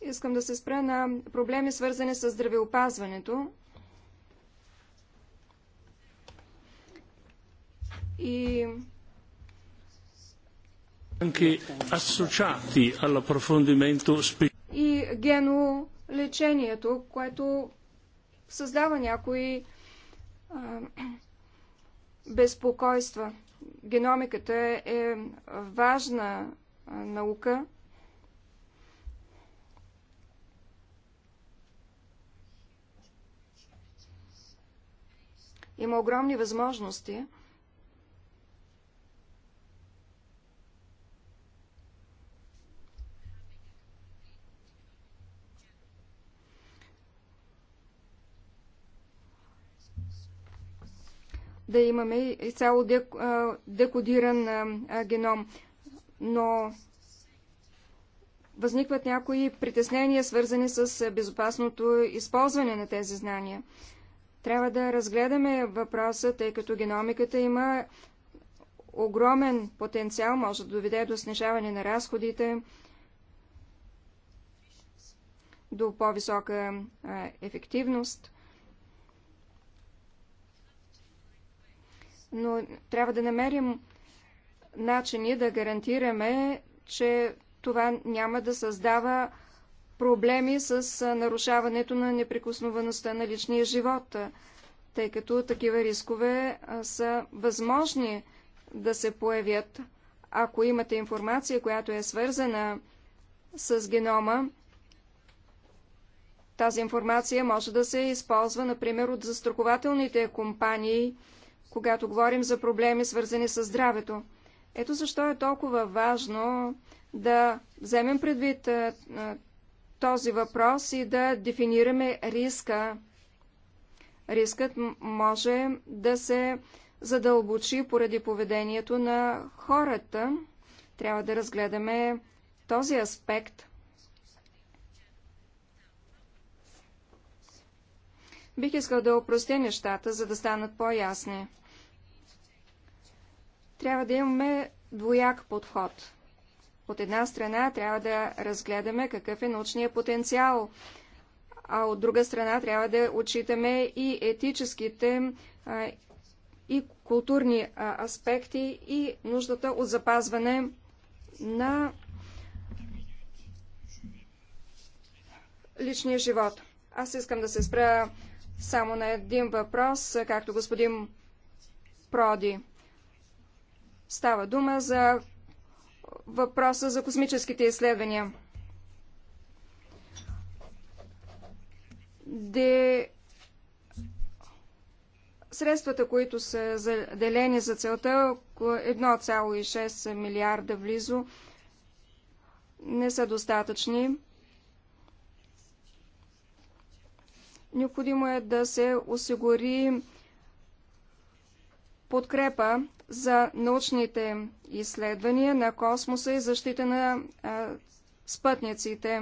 Искам да се спра на проблеми, свързани с здравеопазването. И anche associati all'approfondimento и генолечението, което създава някои а, безпокойства. Геномиката е важна наука. Има огромни възможности. да имаме цяло декодиран геном. Но възникват някои притеснения, свързани с безопасното използване на тези знания. Трябва да разгледаме въпроса, тъй като геномиката има огромен потенциал, може да доведе до снижаване на разходите, до по-висока ефективност. но трябва да намерим начини да гарантираме, че това няма да създава проблеми с нарушаването на неприкосновеността на личния живот, тъй като такива рискове са възможни да се появят. Ако имате информация, която е свързана с генома, тази информация може да се използва, например, от застрахователните компании когато говорим за проблеми, свързани с здравето. Ето защо е толкова важно да вземем предвид е, е, този въпрос и да дефинираме риска. Рискът може да се задълбочи поради поведението на хората. Трябва да разгледаме този аспект. Бих искал да опростя нещата, за да станат по-ясни трябва да имаме двояк подход. От една страна трябва да разгледаме какъв е научният потенциал, а от друга страна трябва да отчитаме и етическите а, и културни а, аспекти и нуждата от запазване на личния живот. Аз искам да се спра само на един въпрос, както господин Проди. Става дума за въпроса за космическите изследвания. Де... Средствата, които са заделени за целта, 1,6 милиарда влизо, не са достатъчни. Необходимо е да се осигури подкрепа за научните изследвания на космоса и защита на а, спътниците.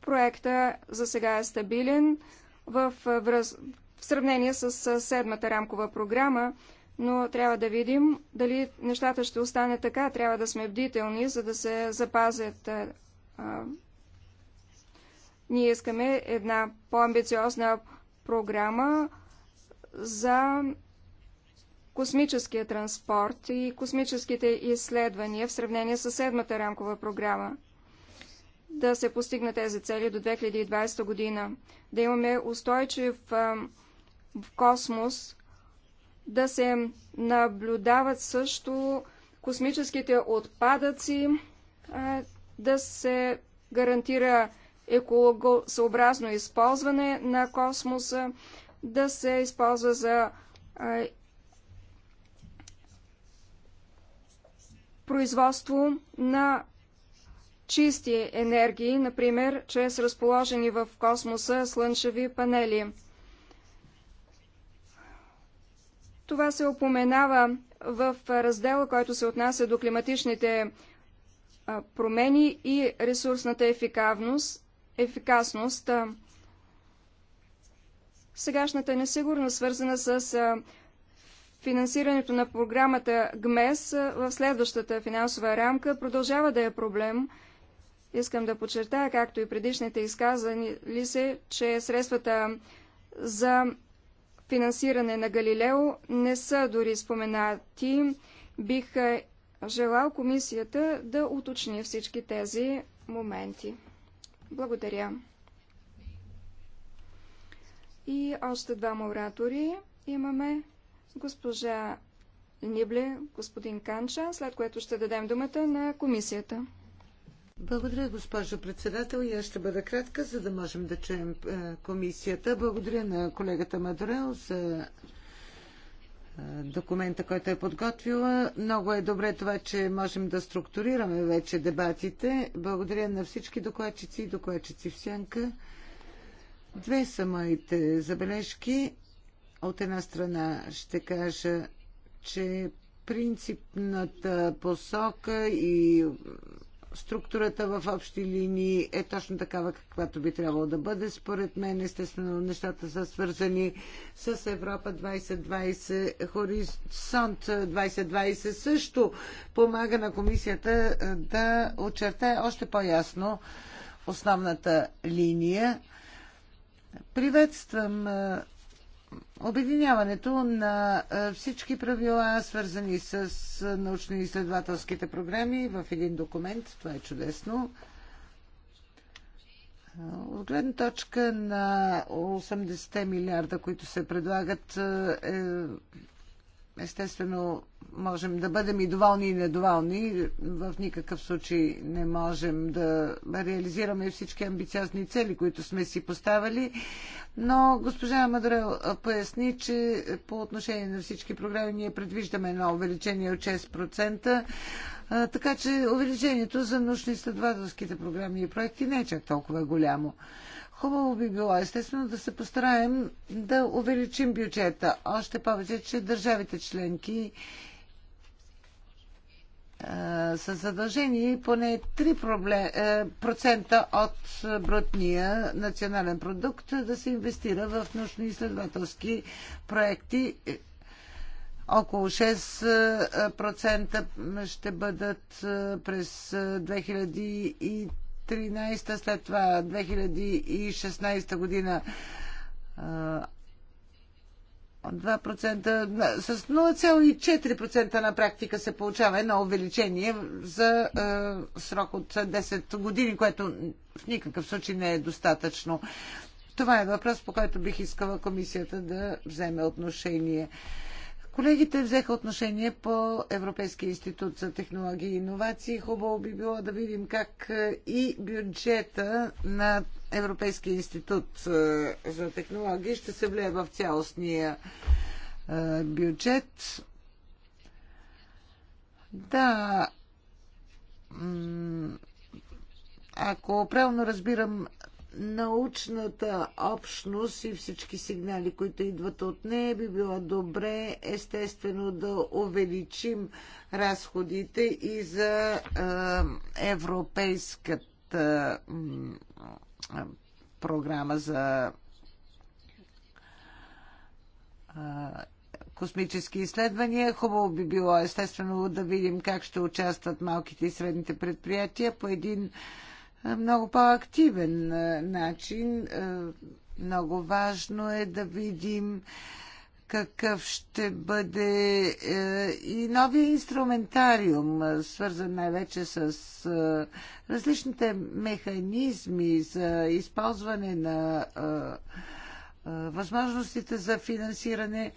Проекта за сега е стабилен в, в, в сравнение с седмата рамкова програма, но трябва да видим дали нещата ще остане така. Трябва да сме бдителни, за да се запазят. А, а... Ние искаме една по-амбициозна програма за космическия транспорт и космическите изследвания в сравнение с седмата рамкова програма. Да се постигна тези цели до 2020 година. Да имаме устойчив в космос, да се наблюдават също космическите отпадъци, да се гарантира екологосъобразно използване на космоса, да се използва за производство на чисти енергии, например, чрез разположени в космоса слънчеви панели. Това се опоменава в раздела, който се отнася до климатичните промени и ресурсната ефикавност, ефикасност. Сегашната е несигурност, свързана с Финансирането на програмата ГМЕС в следващата финансова рамка продължава да е проблем. Искам да подчертая, както и предишните изказани ли се, че средствата за финансиране на Галилео не са дори споменати. Бих желал комисията да уточни всички тези моменти. Благодаря. И още двама оратори имаме госпожа Нибле, господин Канча, след което ще дадем думата на комисията. Благодаря, госпожо председател. И аз ще бъда кратка, за да можем да чуем е, комисията. Благодаря на колегата Мадорел за е, документа, който е подготвила. Много е добре това, че можем да структурираме вече дебатите. Благодаря на всички докладчици и докладчици в сянка. Две са моите забележки. От една страна ще кажа, че принципната посока и структурата в общи линии е точно такава, каквато би трябвало да бъде. Според мен, естествено, нещата са свързани с Европа 2020. Хоризонт 2020 също помага на комисията да очертае още по-ясно основната линия. Приветствам обединяването на всички правила, свързани с научно-изследователските програми в един документ. Това е чудесно. От гледна точка на 80 милиарда, които се предлагат, е, естествено можем да бъдем и доволни и недоволни. В никакъв случай не можем да реализираме всички амбициозни цели, които сме си поставили. Но госпожа Мадрел, поясни, че по отношение на всички програми ние предвиждаме едно увеличение от 6%. Така че увеличението за научно-изследователските програми и проекти не е чак толкова голямо. Хубаво би било, естествено, да се постараем да увеличим бюджета. Още повече, че държавите членки е, са задължени поне 3% е, от брутния национален продукт да се инвестира в научно-изследователски проекти. Около 6% ще бъдат е, през 2013, след това 2016 година 2%, с 0,4% на практика се получава едно увеличение за е, срок от 10 години, което в никакъв случай не е достатъчно. Това е въпрос, по който бих искала комисията да вземе отношение. Колегите взеха отношение по Европейския институт за технологии и иновации. Хубаво би било да видим как е, и бюджета на Европейския институт е, за технологии ще се влее в цялостния е, бюджет. Да, ако правилно разбирам научната общност и всички сигнали, които идват от нея, би било добре естествено да увеличим разходите и за е, европейската е, програма за космически изследвания. Хубаво би било естествено да видим как ще участват малките и средните предприятия по един много по-активен начин. Много важно е да видим какъв ще бъде е, и новия инструментариум, свързан най-вече с различните механизми за използване на възможностите за финансиране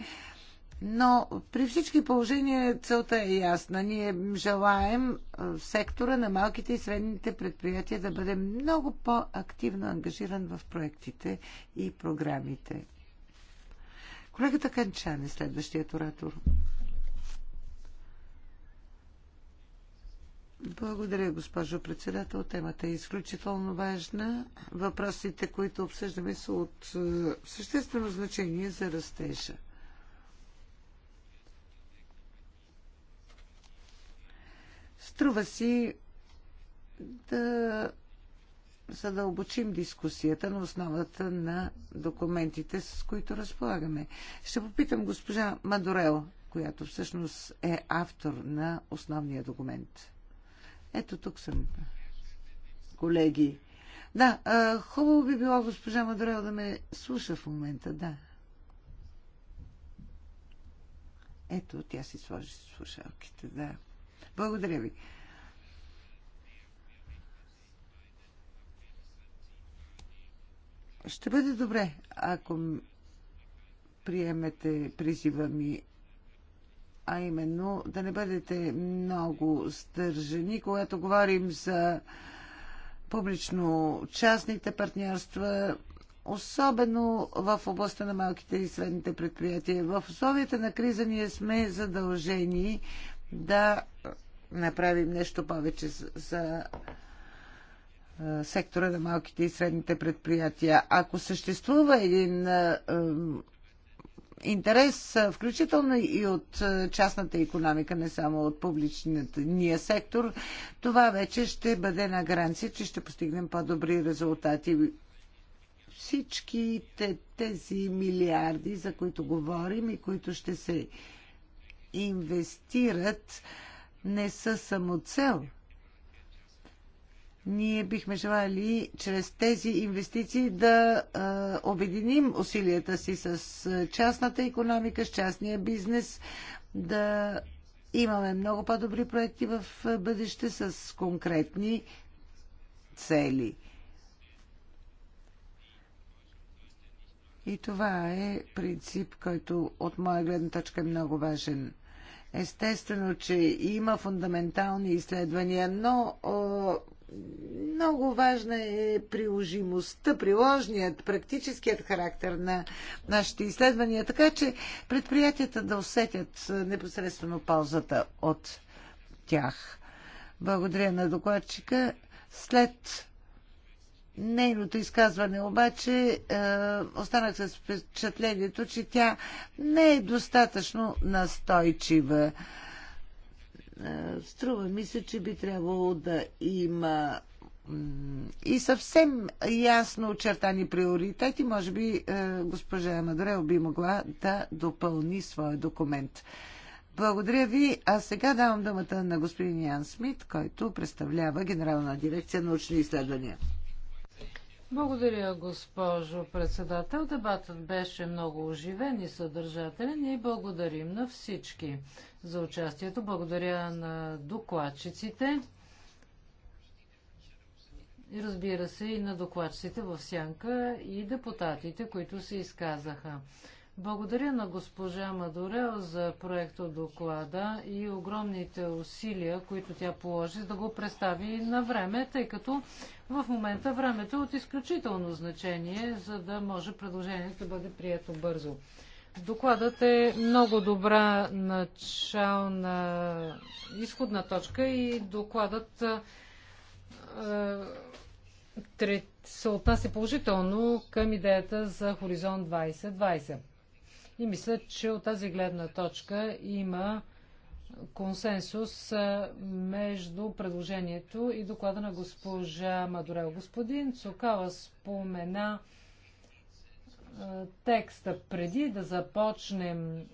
но при всички положения целта е ясна. Ние желаем е, сектора на малките и средните предприятия да бъде много по-активно ангажиран в проектите и програмите. Колегата Канчан е следващият оратор. Благодаря, госпожо председател. Темата е изключително важна. Въпросите, които обсъждаме, са от е, съществено значение за растежа. Струва си да задълбочим дискусията на основата на документите, с които разполагаме. Ще попитам госпожа Мадорел, която всъщност е автор на основния документ. Ето тук съм, колеги. Да, хубаво би било госпожа Мадорел да ме слуша в момента, да. Ето, тя си сложи слушалките, да. Благодаря ви. Ще бъде добре, ако приемете призива ми, а именно да не бъдете много стържени, когато говорим за публично-частните партньорства, особено в областта на малките и средните предприятия. В условията на криза ние сме задължени да направим нещо повече за сектора на малките и средните предприятия. Ако съществува един интерес, включително и от частната економика, не само от публичния сектор, това вече ще бъде на гаранция, че ще постигнем по-добри резултати. Всичките тези милиарди, за които говорим и които ще се инвестират, не са само цел. Ние бихме желали чрез тези инвестиции да а, обединим усилията си с частната економика, с частния бизнес, да имаме много по-добри проекти в бъдеще с конкретни цели. И това е принцип, който от моя гледна точка е много важен – Естествено, че има фундаментални изследвания, но много важна е приложимостта, приложният, практическият характер на нашите изследвания, така че предприятията да усетят е, непосредствено ползата от тях. Благодаря на докладчика. След нейното изказване обаче е, останах с впечатлението, че тя не е достатъчно настойчива. Е, струва ми се, че би трябвало да има и съвсем ясно очертани приоритети, може би е, госпожа Мадорел би могла да допълни своя документ. Благодаря ви. А сега давам думата на господин Ян Смит, който представлява Генерална дирекция научни изследвания. Благодаря, госпожо председател. Дебатът беше много оживен и съдържателен и благодарим на всички за участието. Благодаря на докладчиците. И разбира се и на докладчиците в сянка и депутатите, които се изказаха. Благодаря на госпожа Мадорел за проекта доклада и огромните усилия, които тя положи, за да го представи на време, тъй като в момента времето е от изключително значение, за да може предложението да бъде прието бързо. Докладът е много добра начална изходна точка и докладът се отнася положително към идеята за Хоризонт 2020. И мисля, че от тази гледна точка има консенсус между предложението и доклада на госпожа Мадорел. Господин Цукала спомена текста. Преди да започнем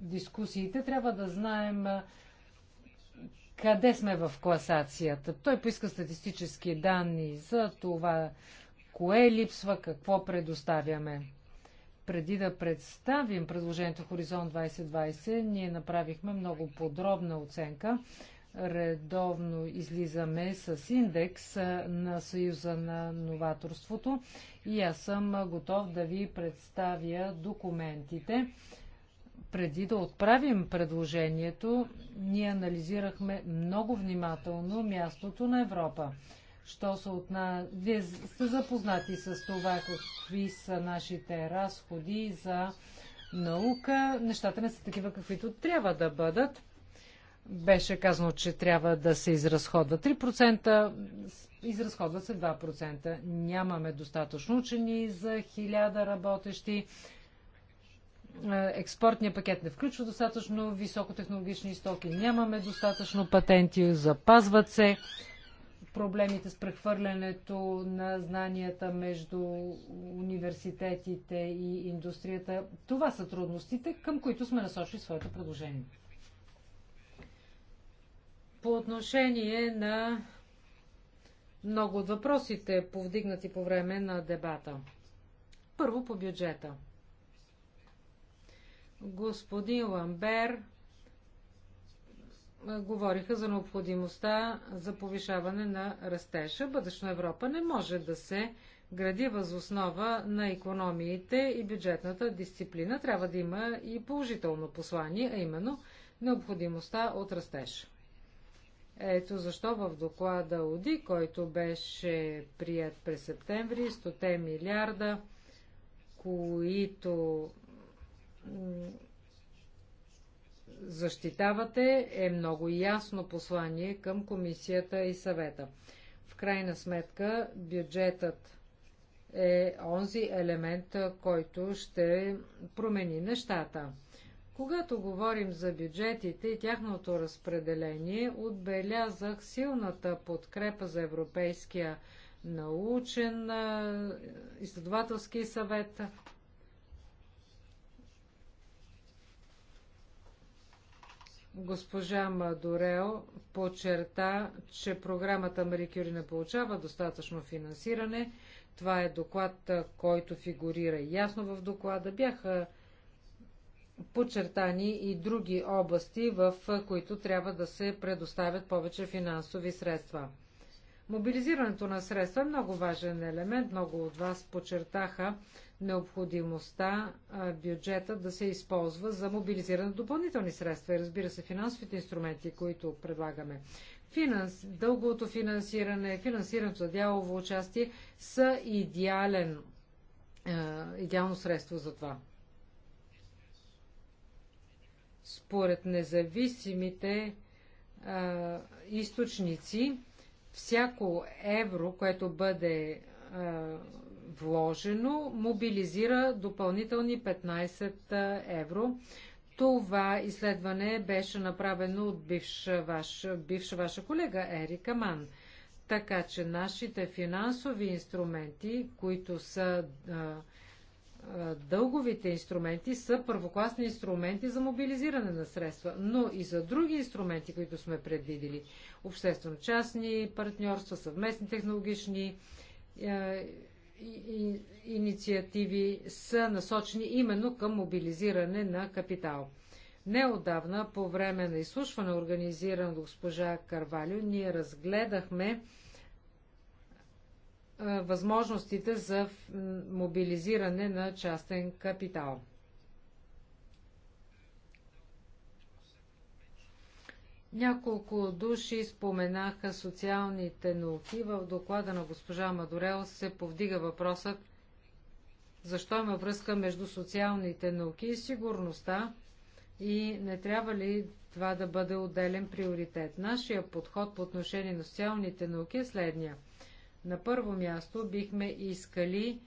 дискусиите, трябва да знаем къде сме в класацията. Той поиска статистически данни за това, кое липсва, какво предоставяме преди да представим предложението Хоризонт 2020, ние направихме много подробна оценка. Редовно излизаме с индекс на Съюза на новаторството и аз съм готов да ви представя документите. Преди да отправим предложението, ние анализирахме много внимателно мястото на Европа що са от нас. Вие сте запознати с това, какви са нашите разходи за наука. Нещата не са такива, каквито трябва да бъдат. Беше казано, че трябва да се изразходва 3%, изразходва се 2%. Нямаме достатъчно учени за 1000 работещи. Експортният пакет не включва достатъчно високотехнологични стоки. Нямаме достатъчно патенти, запазват се проблемите с прехвърлянето на знанията между университетите и индустрията. Това са трудностите, към които сме насочили своето предложение. По отношение на много от въпросите, повдигнати по време на дебата. Първо по бюджета. Господин Ламбер говориха за необходимостта за повишаване на растежа. Бъдещна Европа не може да се гради възоснова на економиите и бюджетната дисциплина. Трябва да има и положително послание, а именно необходимостта от растеж. Ето защо в доклада ОДИ, който беше прият през септември, 100 милиарда, които защитавате, е много ясно послание към комисията и съвета. В крайна сметка, бюджетът е онзи елемент, който ще промени нещата. Когато говорим за бюджетите и тяхното разпределение, отбелязах силната подкрепа за Европейския научен изследователски съвет, Госпожа Мадорео подчерта, че програмата Мари Кюри не получава достатъчно финансиране. Това е доклад, който фигурира ясно в доклада. Бяха подчертани и други области, в които трябва да се предоставят повече финансови средства. Мобилизирането на средства е много важен елемент. Много от вас подчертаха необходимостта бюджета да се използва за мобилизиране на допълнителни средства и разбира се финансовите инструменти, които предлагаме. Финанс, дълговото финансиране, финансирането за дялово участие са идеален, идеално средство за това. Според независимите източници, всяко евро, което бъде а, вложено, мобилизира допълнителни 15 евро. Това изследване беше направено от бивш ваш, бивша ваша колега Ерика Ман. Така че нашите финансови инструменти, които са а, е, дълговите инструменти са първокласни инструменти за мобилизиране на средства, но и за други инструменти, които сме предвидели. Обществено-частни партньорства, съвместни технологични е, и, инициативи са насочени именно към мобилизиране на капитал. Неодавна, по време на изслушване, организирано от госпожа Карвалю, ние разгледахме възможностите за мобилизиране на частен капитал. Няколко души споменаха социалните науки. В доклада на госпожа Мадорел се повдига въпросът защо има връзка между социалните науки и сигурността и не трябва ли това да бъде отделен приоритет. Нашия подход по отношение на социалните науки е следния – на първо място бихме искали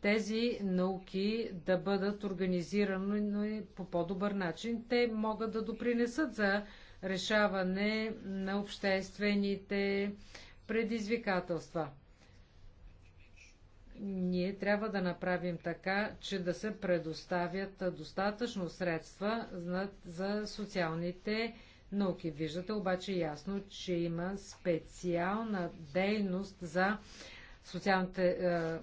тези науки да бъдат организирани по по-добър начин. Те могат да допринесат за решаване на обществените предизвикателства. Ние трябва да направим така, че да се предоставят достатъчно средства за социалните науки. Виждате обаче ясно, че има специална дейност за социалните е,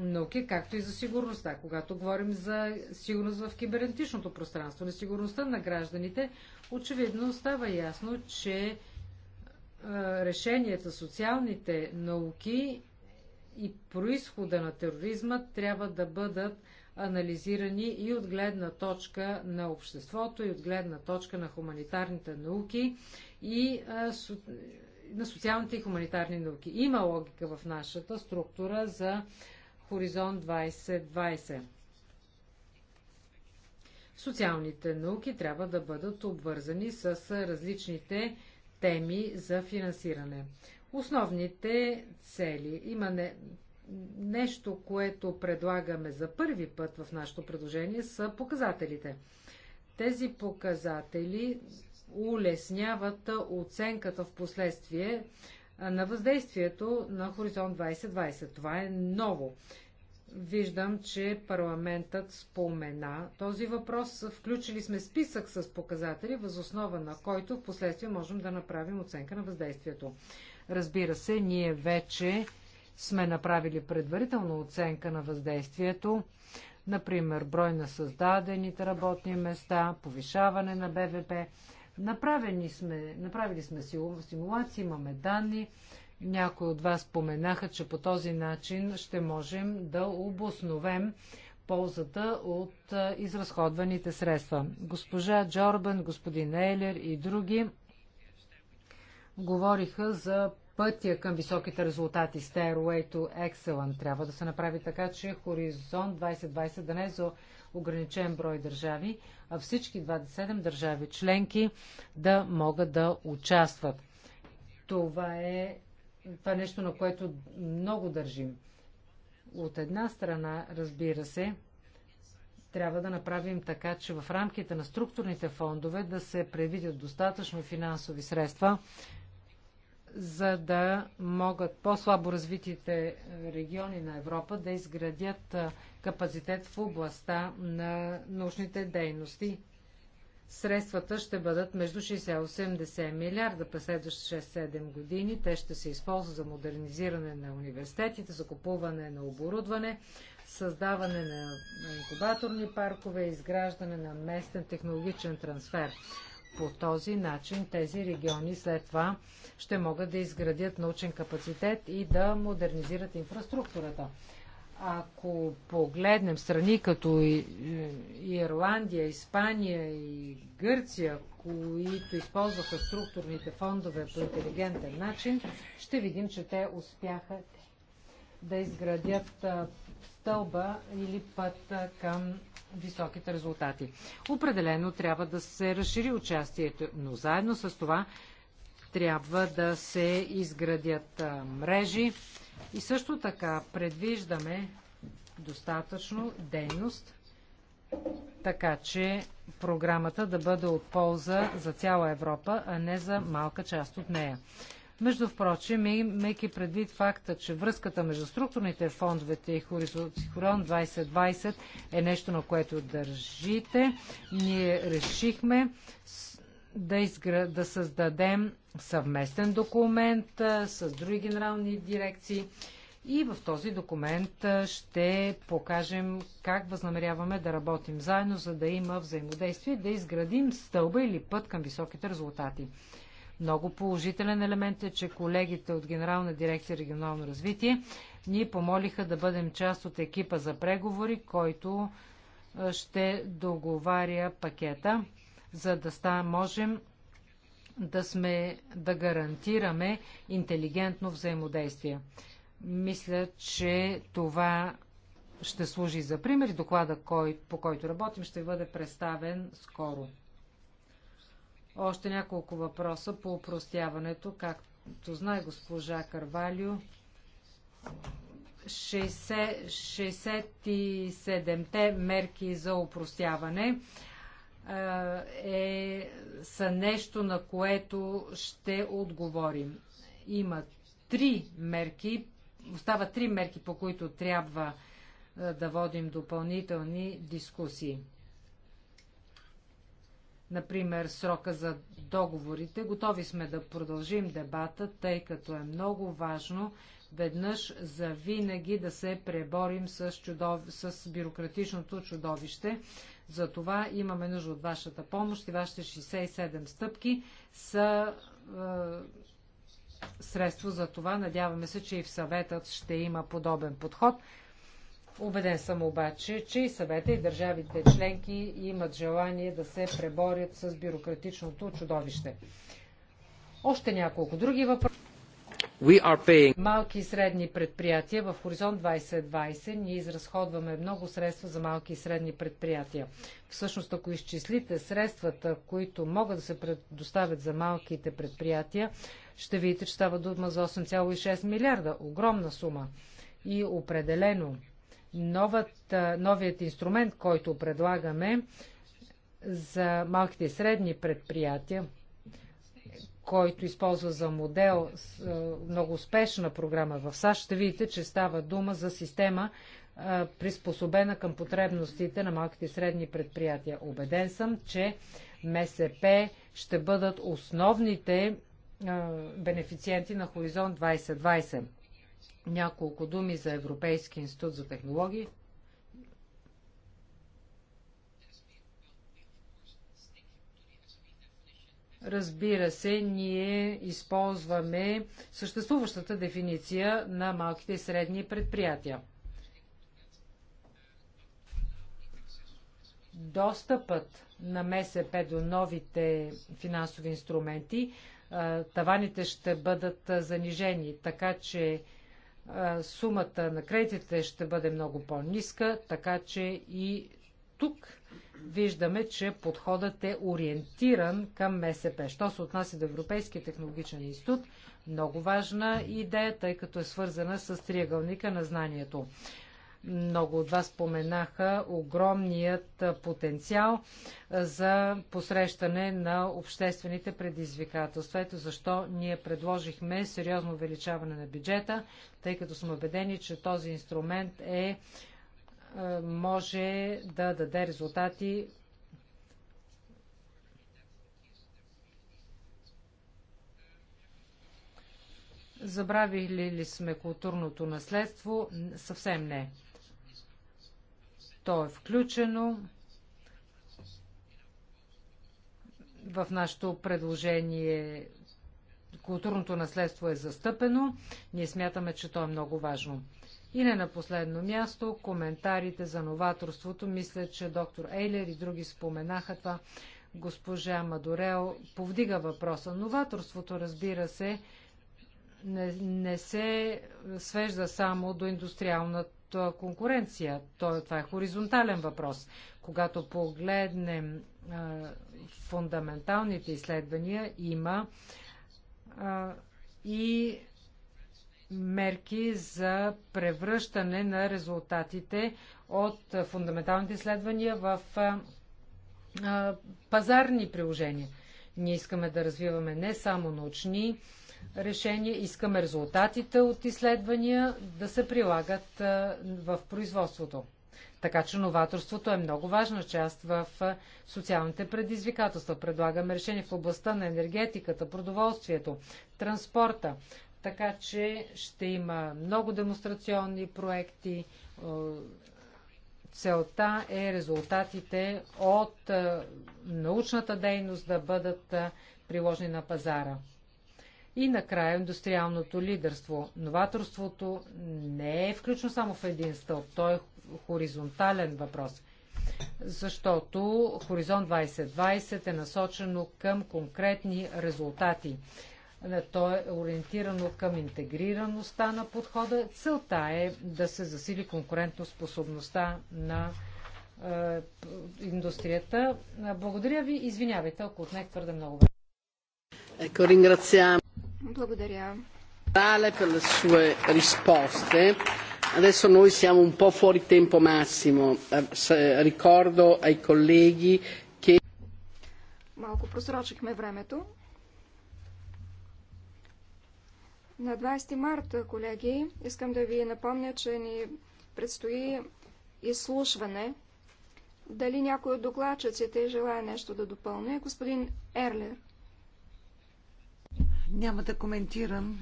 науки, както и за сигурността. Когато говорим за сигурност в кибернетичното пространство, на сигурността на гражданите, очевидно става ясно, че е, решенията социалните науки и происхода на тероризма трябва да бъдат анализирани и от гледна точка на обществото, и от гледна точка на хуманитарните науки и а, со... на социалните и хуманитарни науки. Има логика в нашата структура за Хоризонт 2020. Социалните науки трябва да бъдат обвързани с различните теми за финансиране. Основните цели. Има не нещо, което предлагаме за първи път в нашето предложение, са показателите. Тези показатели улесняват оценката в последствие на въздействието на Хоризонт 2020. Това е ново. Виждам, че парламентът спомена този въпрос. Включили сме списък с показатели, възоснова на който в последствие можем да направим оценка на въздействието. Разбира се, ние вече сме направили предварителна оценка на въздействието, например брой на създадените работни места, повишаване на БВП. Направени сме, направили сме симулации, имаме данни. Някои от вас споменаха, че по този начин ще можем да обосновем ползата от изразходваните средства. Госпожа Джорбан, господин Ейлер и други говориха за пътя към високите резултати, Stairway to Excellent трябва да се направи така, че Хоризонт 2020 да не е за ограничен брой държави, а всички 27 държави членки да могат да участват. Това е, това е нещо, на което много държим. От една страна, разбира се, трябва да направим така, че в рамките на структурните фондове да се предвидят достатъчно финансови средства, за да могат по-слабо развитите региони на Европа да изградят капацитет в областта на научните дейности. Средствата ще бъдат между 60-80 милиарда през следващите 6-7 години. Те ще се използват за модернизиране на университетите, за купуване на оборудване, създаване на инкубаторни паркове, изграждане на местен технологичен трансфер. По този начин тези региони след това ще могат да изградят научен капацитет и да модернизират инфраструктурата. Ако погледнем страни като Ирландия, Испания и Гърция, които използваха структурните фондове по интелигентен начин, ще видим, че те успяха да изградят стълба или път към високите резултати. Определено трябва да се разшири участието, но заедно с това трябва да се изградят мрежи и също така предвиждаме достатъчно дейност, така че програмата да бъде от полза за цяла Европа, а не за малка част от нея. Между впрочем, имайки предвид факта, че връзката между структурните фондовете и Хоризонт 2020 е нещо, на което държите, ние решихме да, изгра... да създадем съвместен документ с други генерални дирекции. И в този документ ще покажем как възнамеряваме да работим заедно, за да има взаимодействие, да изградим стълба или път към високите резултати. Много положителен елемент е, че колегите от Генерална дирекция регионално развитие ни помолиха да бъдем част от екипа за преговори, който ще договаря пакета, за да ста, можем да, сме, да гарантираме интелигентно взаимодействие. Мисля, че това ще служи за пример и доклада, кой, по който работим, ще бъде представен скоро. Още няколко въпроса по упростяването. Както знае госпожа Карвалио, 67-те мерки за упростяване е, е, са нещо, на което ще отговорим. Има три мерки, остава три мерки, по които трябва е, да водим допълнителни дискусии например, срока за договорите. Готови сме да продължим дебата, тъй като е много важно веднъж за винаги да се преборим с, чудов... с бюрократичното чудовище. За това имаме нужда от вашата помощ и вашите 67 стъпки са е, средство за това. Надяваме се, че и в съветът ще има подобен подход. Убеден съм обаче, че и съвета и държавите членки имат желание да се преборят с бюрократичното чудовище. Още няколко други въпроси. Paying... Малки и средни предприятия в Хоризонт 2020 ние изразходваме много средства за малки и средни предприятия. Всъщност, ако изчислите средствата, които могат да се предоставят за малките предприятия, ще видите, че става дума за 8,6 милиарда. Огромна сума. И определено Новът, новият инструмент, който предлагаме за малките и средни предприятия, който използва за модел много успешна програма в САЩ, ще видите, че става дума за система, приспособена към потребностите на малките и средни предприятия. Обеден съм, че МСП ще бъдат основните бенефициенти на Хоризонт 2020. Няколко думи за Европейски институт за технологии. Разбира се, ние използваме съществуващата дефиниция на малките и средни предприятия. Достъпът на МСП до новите финансови инструменти, таваните ще бъдат занижени, така че сумата на кредитите ще бъде много по-ниска, така че и тук виждаме, че подходът е ориентиран към МСП. Що се отнася до Европейския технологичен институт, много важна идея, тъй като е свързана с триъгълника на знанието. Много от вас споменаха огромният потенциал за посрещане на обществените предизвикателства. Ето защо ние предложихме сериозно увеличаване на бюджета, тъй като сме убедени, че този инструмент е може да даде резултати Забравили ли сме културното наследство? Съвсем не. То е включено в нашето предложение. Културното наследство е застъпено. Ние смятаме, че то е много важно. И не на последно място, коментарите за новаторството. Мисля, че доктор Ейлер и други споменаха това. Госпожа Мадорел повдига въпроса. Новаторството, разбира се, не, не се свежда само до индустриалната от конкуренция. Той, това е хоризонтален въпрос. Когато погледнем а, фундаменталните изследвания, има а, и мерки за превръщане на резултатите от фундаменталните изследвания в а, пазарни приложения. Ние искаме да развиваме не само научни, решение. Искаме резултатите от изследвания да се прилагат в производството. Така че новаторството е много важна част в социалните предизвикателства. Предлагаме решение в областта на енергетиката, продоволствието, транспорта. Така че ще има много демонстрационни проекти. Целта е резултатите от научната дейност да бъдат приложени на пазара. И накрая индустриалното лидерство. Новаторството не е включено само в един стълб, то е хоризонтален въпрос. Защото Хоризонт 2020 е насочено към конкретни резултати. То е ориентирано към интегрираността на подхода. Целта е да се засили конкурентоспособността на е, индустрията. Благодаря ви. Извинявайте, ако отнех твърде много време. Благодаря. Adesso noi siamo un po' fuori tempo massimo. Eh, ricordo ai colleghi che. Малко просрочихме времето. На 20 марта, колеги, искам да ви напомня, че ни предстои изслушване. Дали някой от докладчиците желая нещо да допълни? Господин Ерлер няма да коментирам,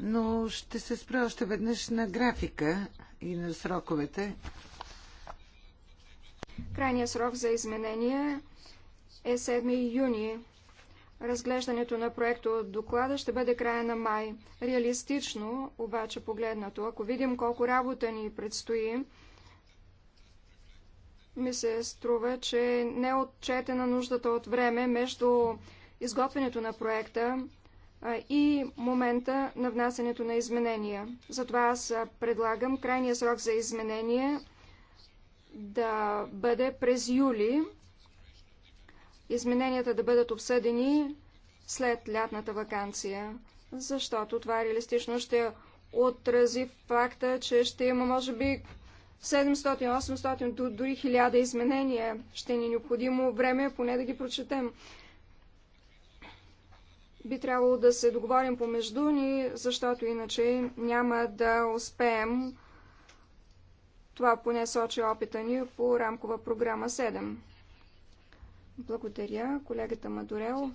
но ще се спра още веднъж на графика и на сроковете. Крайният срок за изменение е 7 юни. Разглеждането на проекта от доклада ще бъде края на май. Реалистично, обаче погледнато, ако видим колко работа ни предстои, ми се струва, че не е отчетена нуждата от време между изготвянето на проекта и момента на внасянето на изменения. Затова аз предлагам крайния срок за изменение да бъде през юли. Измененията да бъдат обсъдени след лятната вакансия, защото това реалистично ще отрази факта, че ще има, може би, 700, 800, дори 1000 изменения. Ще ни е необходимо време поне да ги прочетем. Би трябвало да се договорим помежду ни, защото иначе няма да успеем. Това поне сочи опита ни по рамкова програма 7. Благодаря, колегата Мадурел.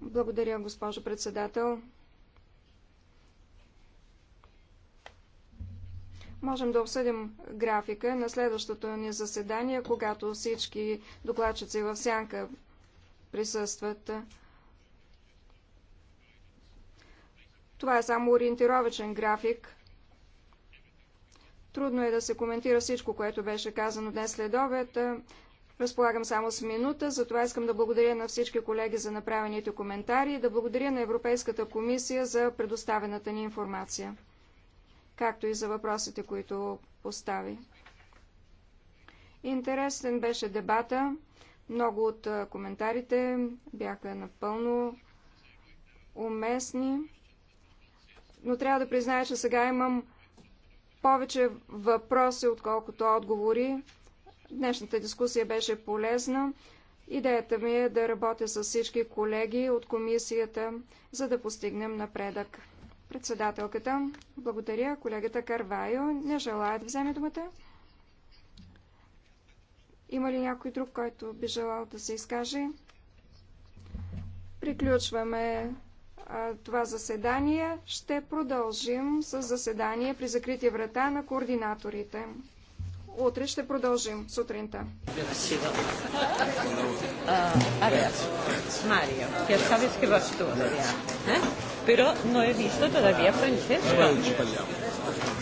Благодаря, госпожо председател. Можем да обсъдим графика на следващото ни заседание, когато всички докладчици в сянка присъстват. Това е само ориентировачен график. Трудно е да се коментира всичко, което беше казано днес след обед. Е, разполагам само с минута, затова искам да благодаря на всички колеги за направените коментари и да благодаря на Европейската комисия за предоставената ни информация, както и за въпросите, които постави. Интересен беше дебата. Много от е, коментарите бяха напълно уместни но трябва да призная, че сега имам повече въпроси, отколкото отговори. Днешната дискусия беше полезна. Идеята ми е да работя с всички колеги от комисията, за да постигнем напредък. Председателката, благодаря. Колегата Карвайо не желая да вземе думата. Има ли някой друг, който би желал да се изкаже? Приключваме това заседание ще продължим с заседание при закрити врата на координаторите. Утре ще продължим сутринта. Mario, ya sabes que vas tú allá, Pero no he visto todavía a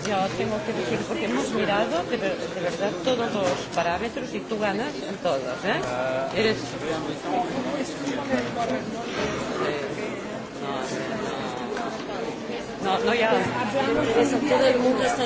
Yo tengo que decir, porque hemos mirado de, ver, de verdad todos los parámetros y tú ganas en todos, ¿eh? Eres... No, no, ya. Todo el mundo está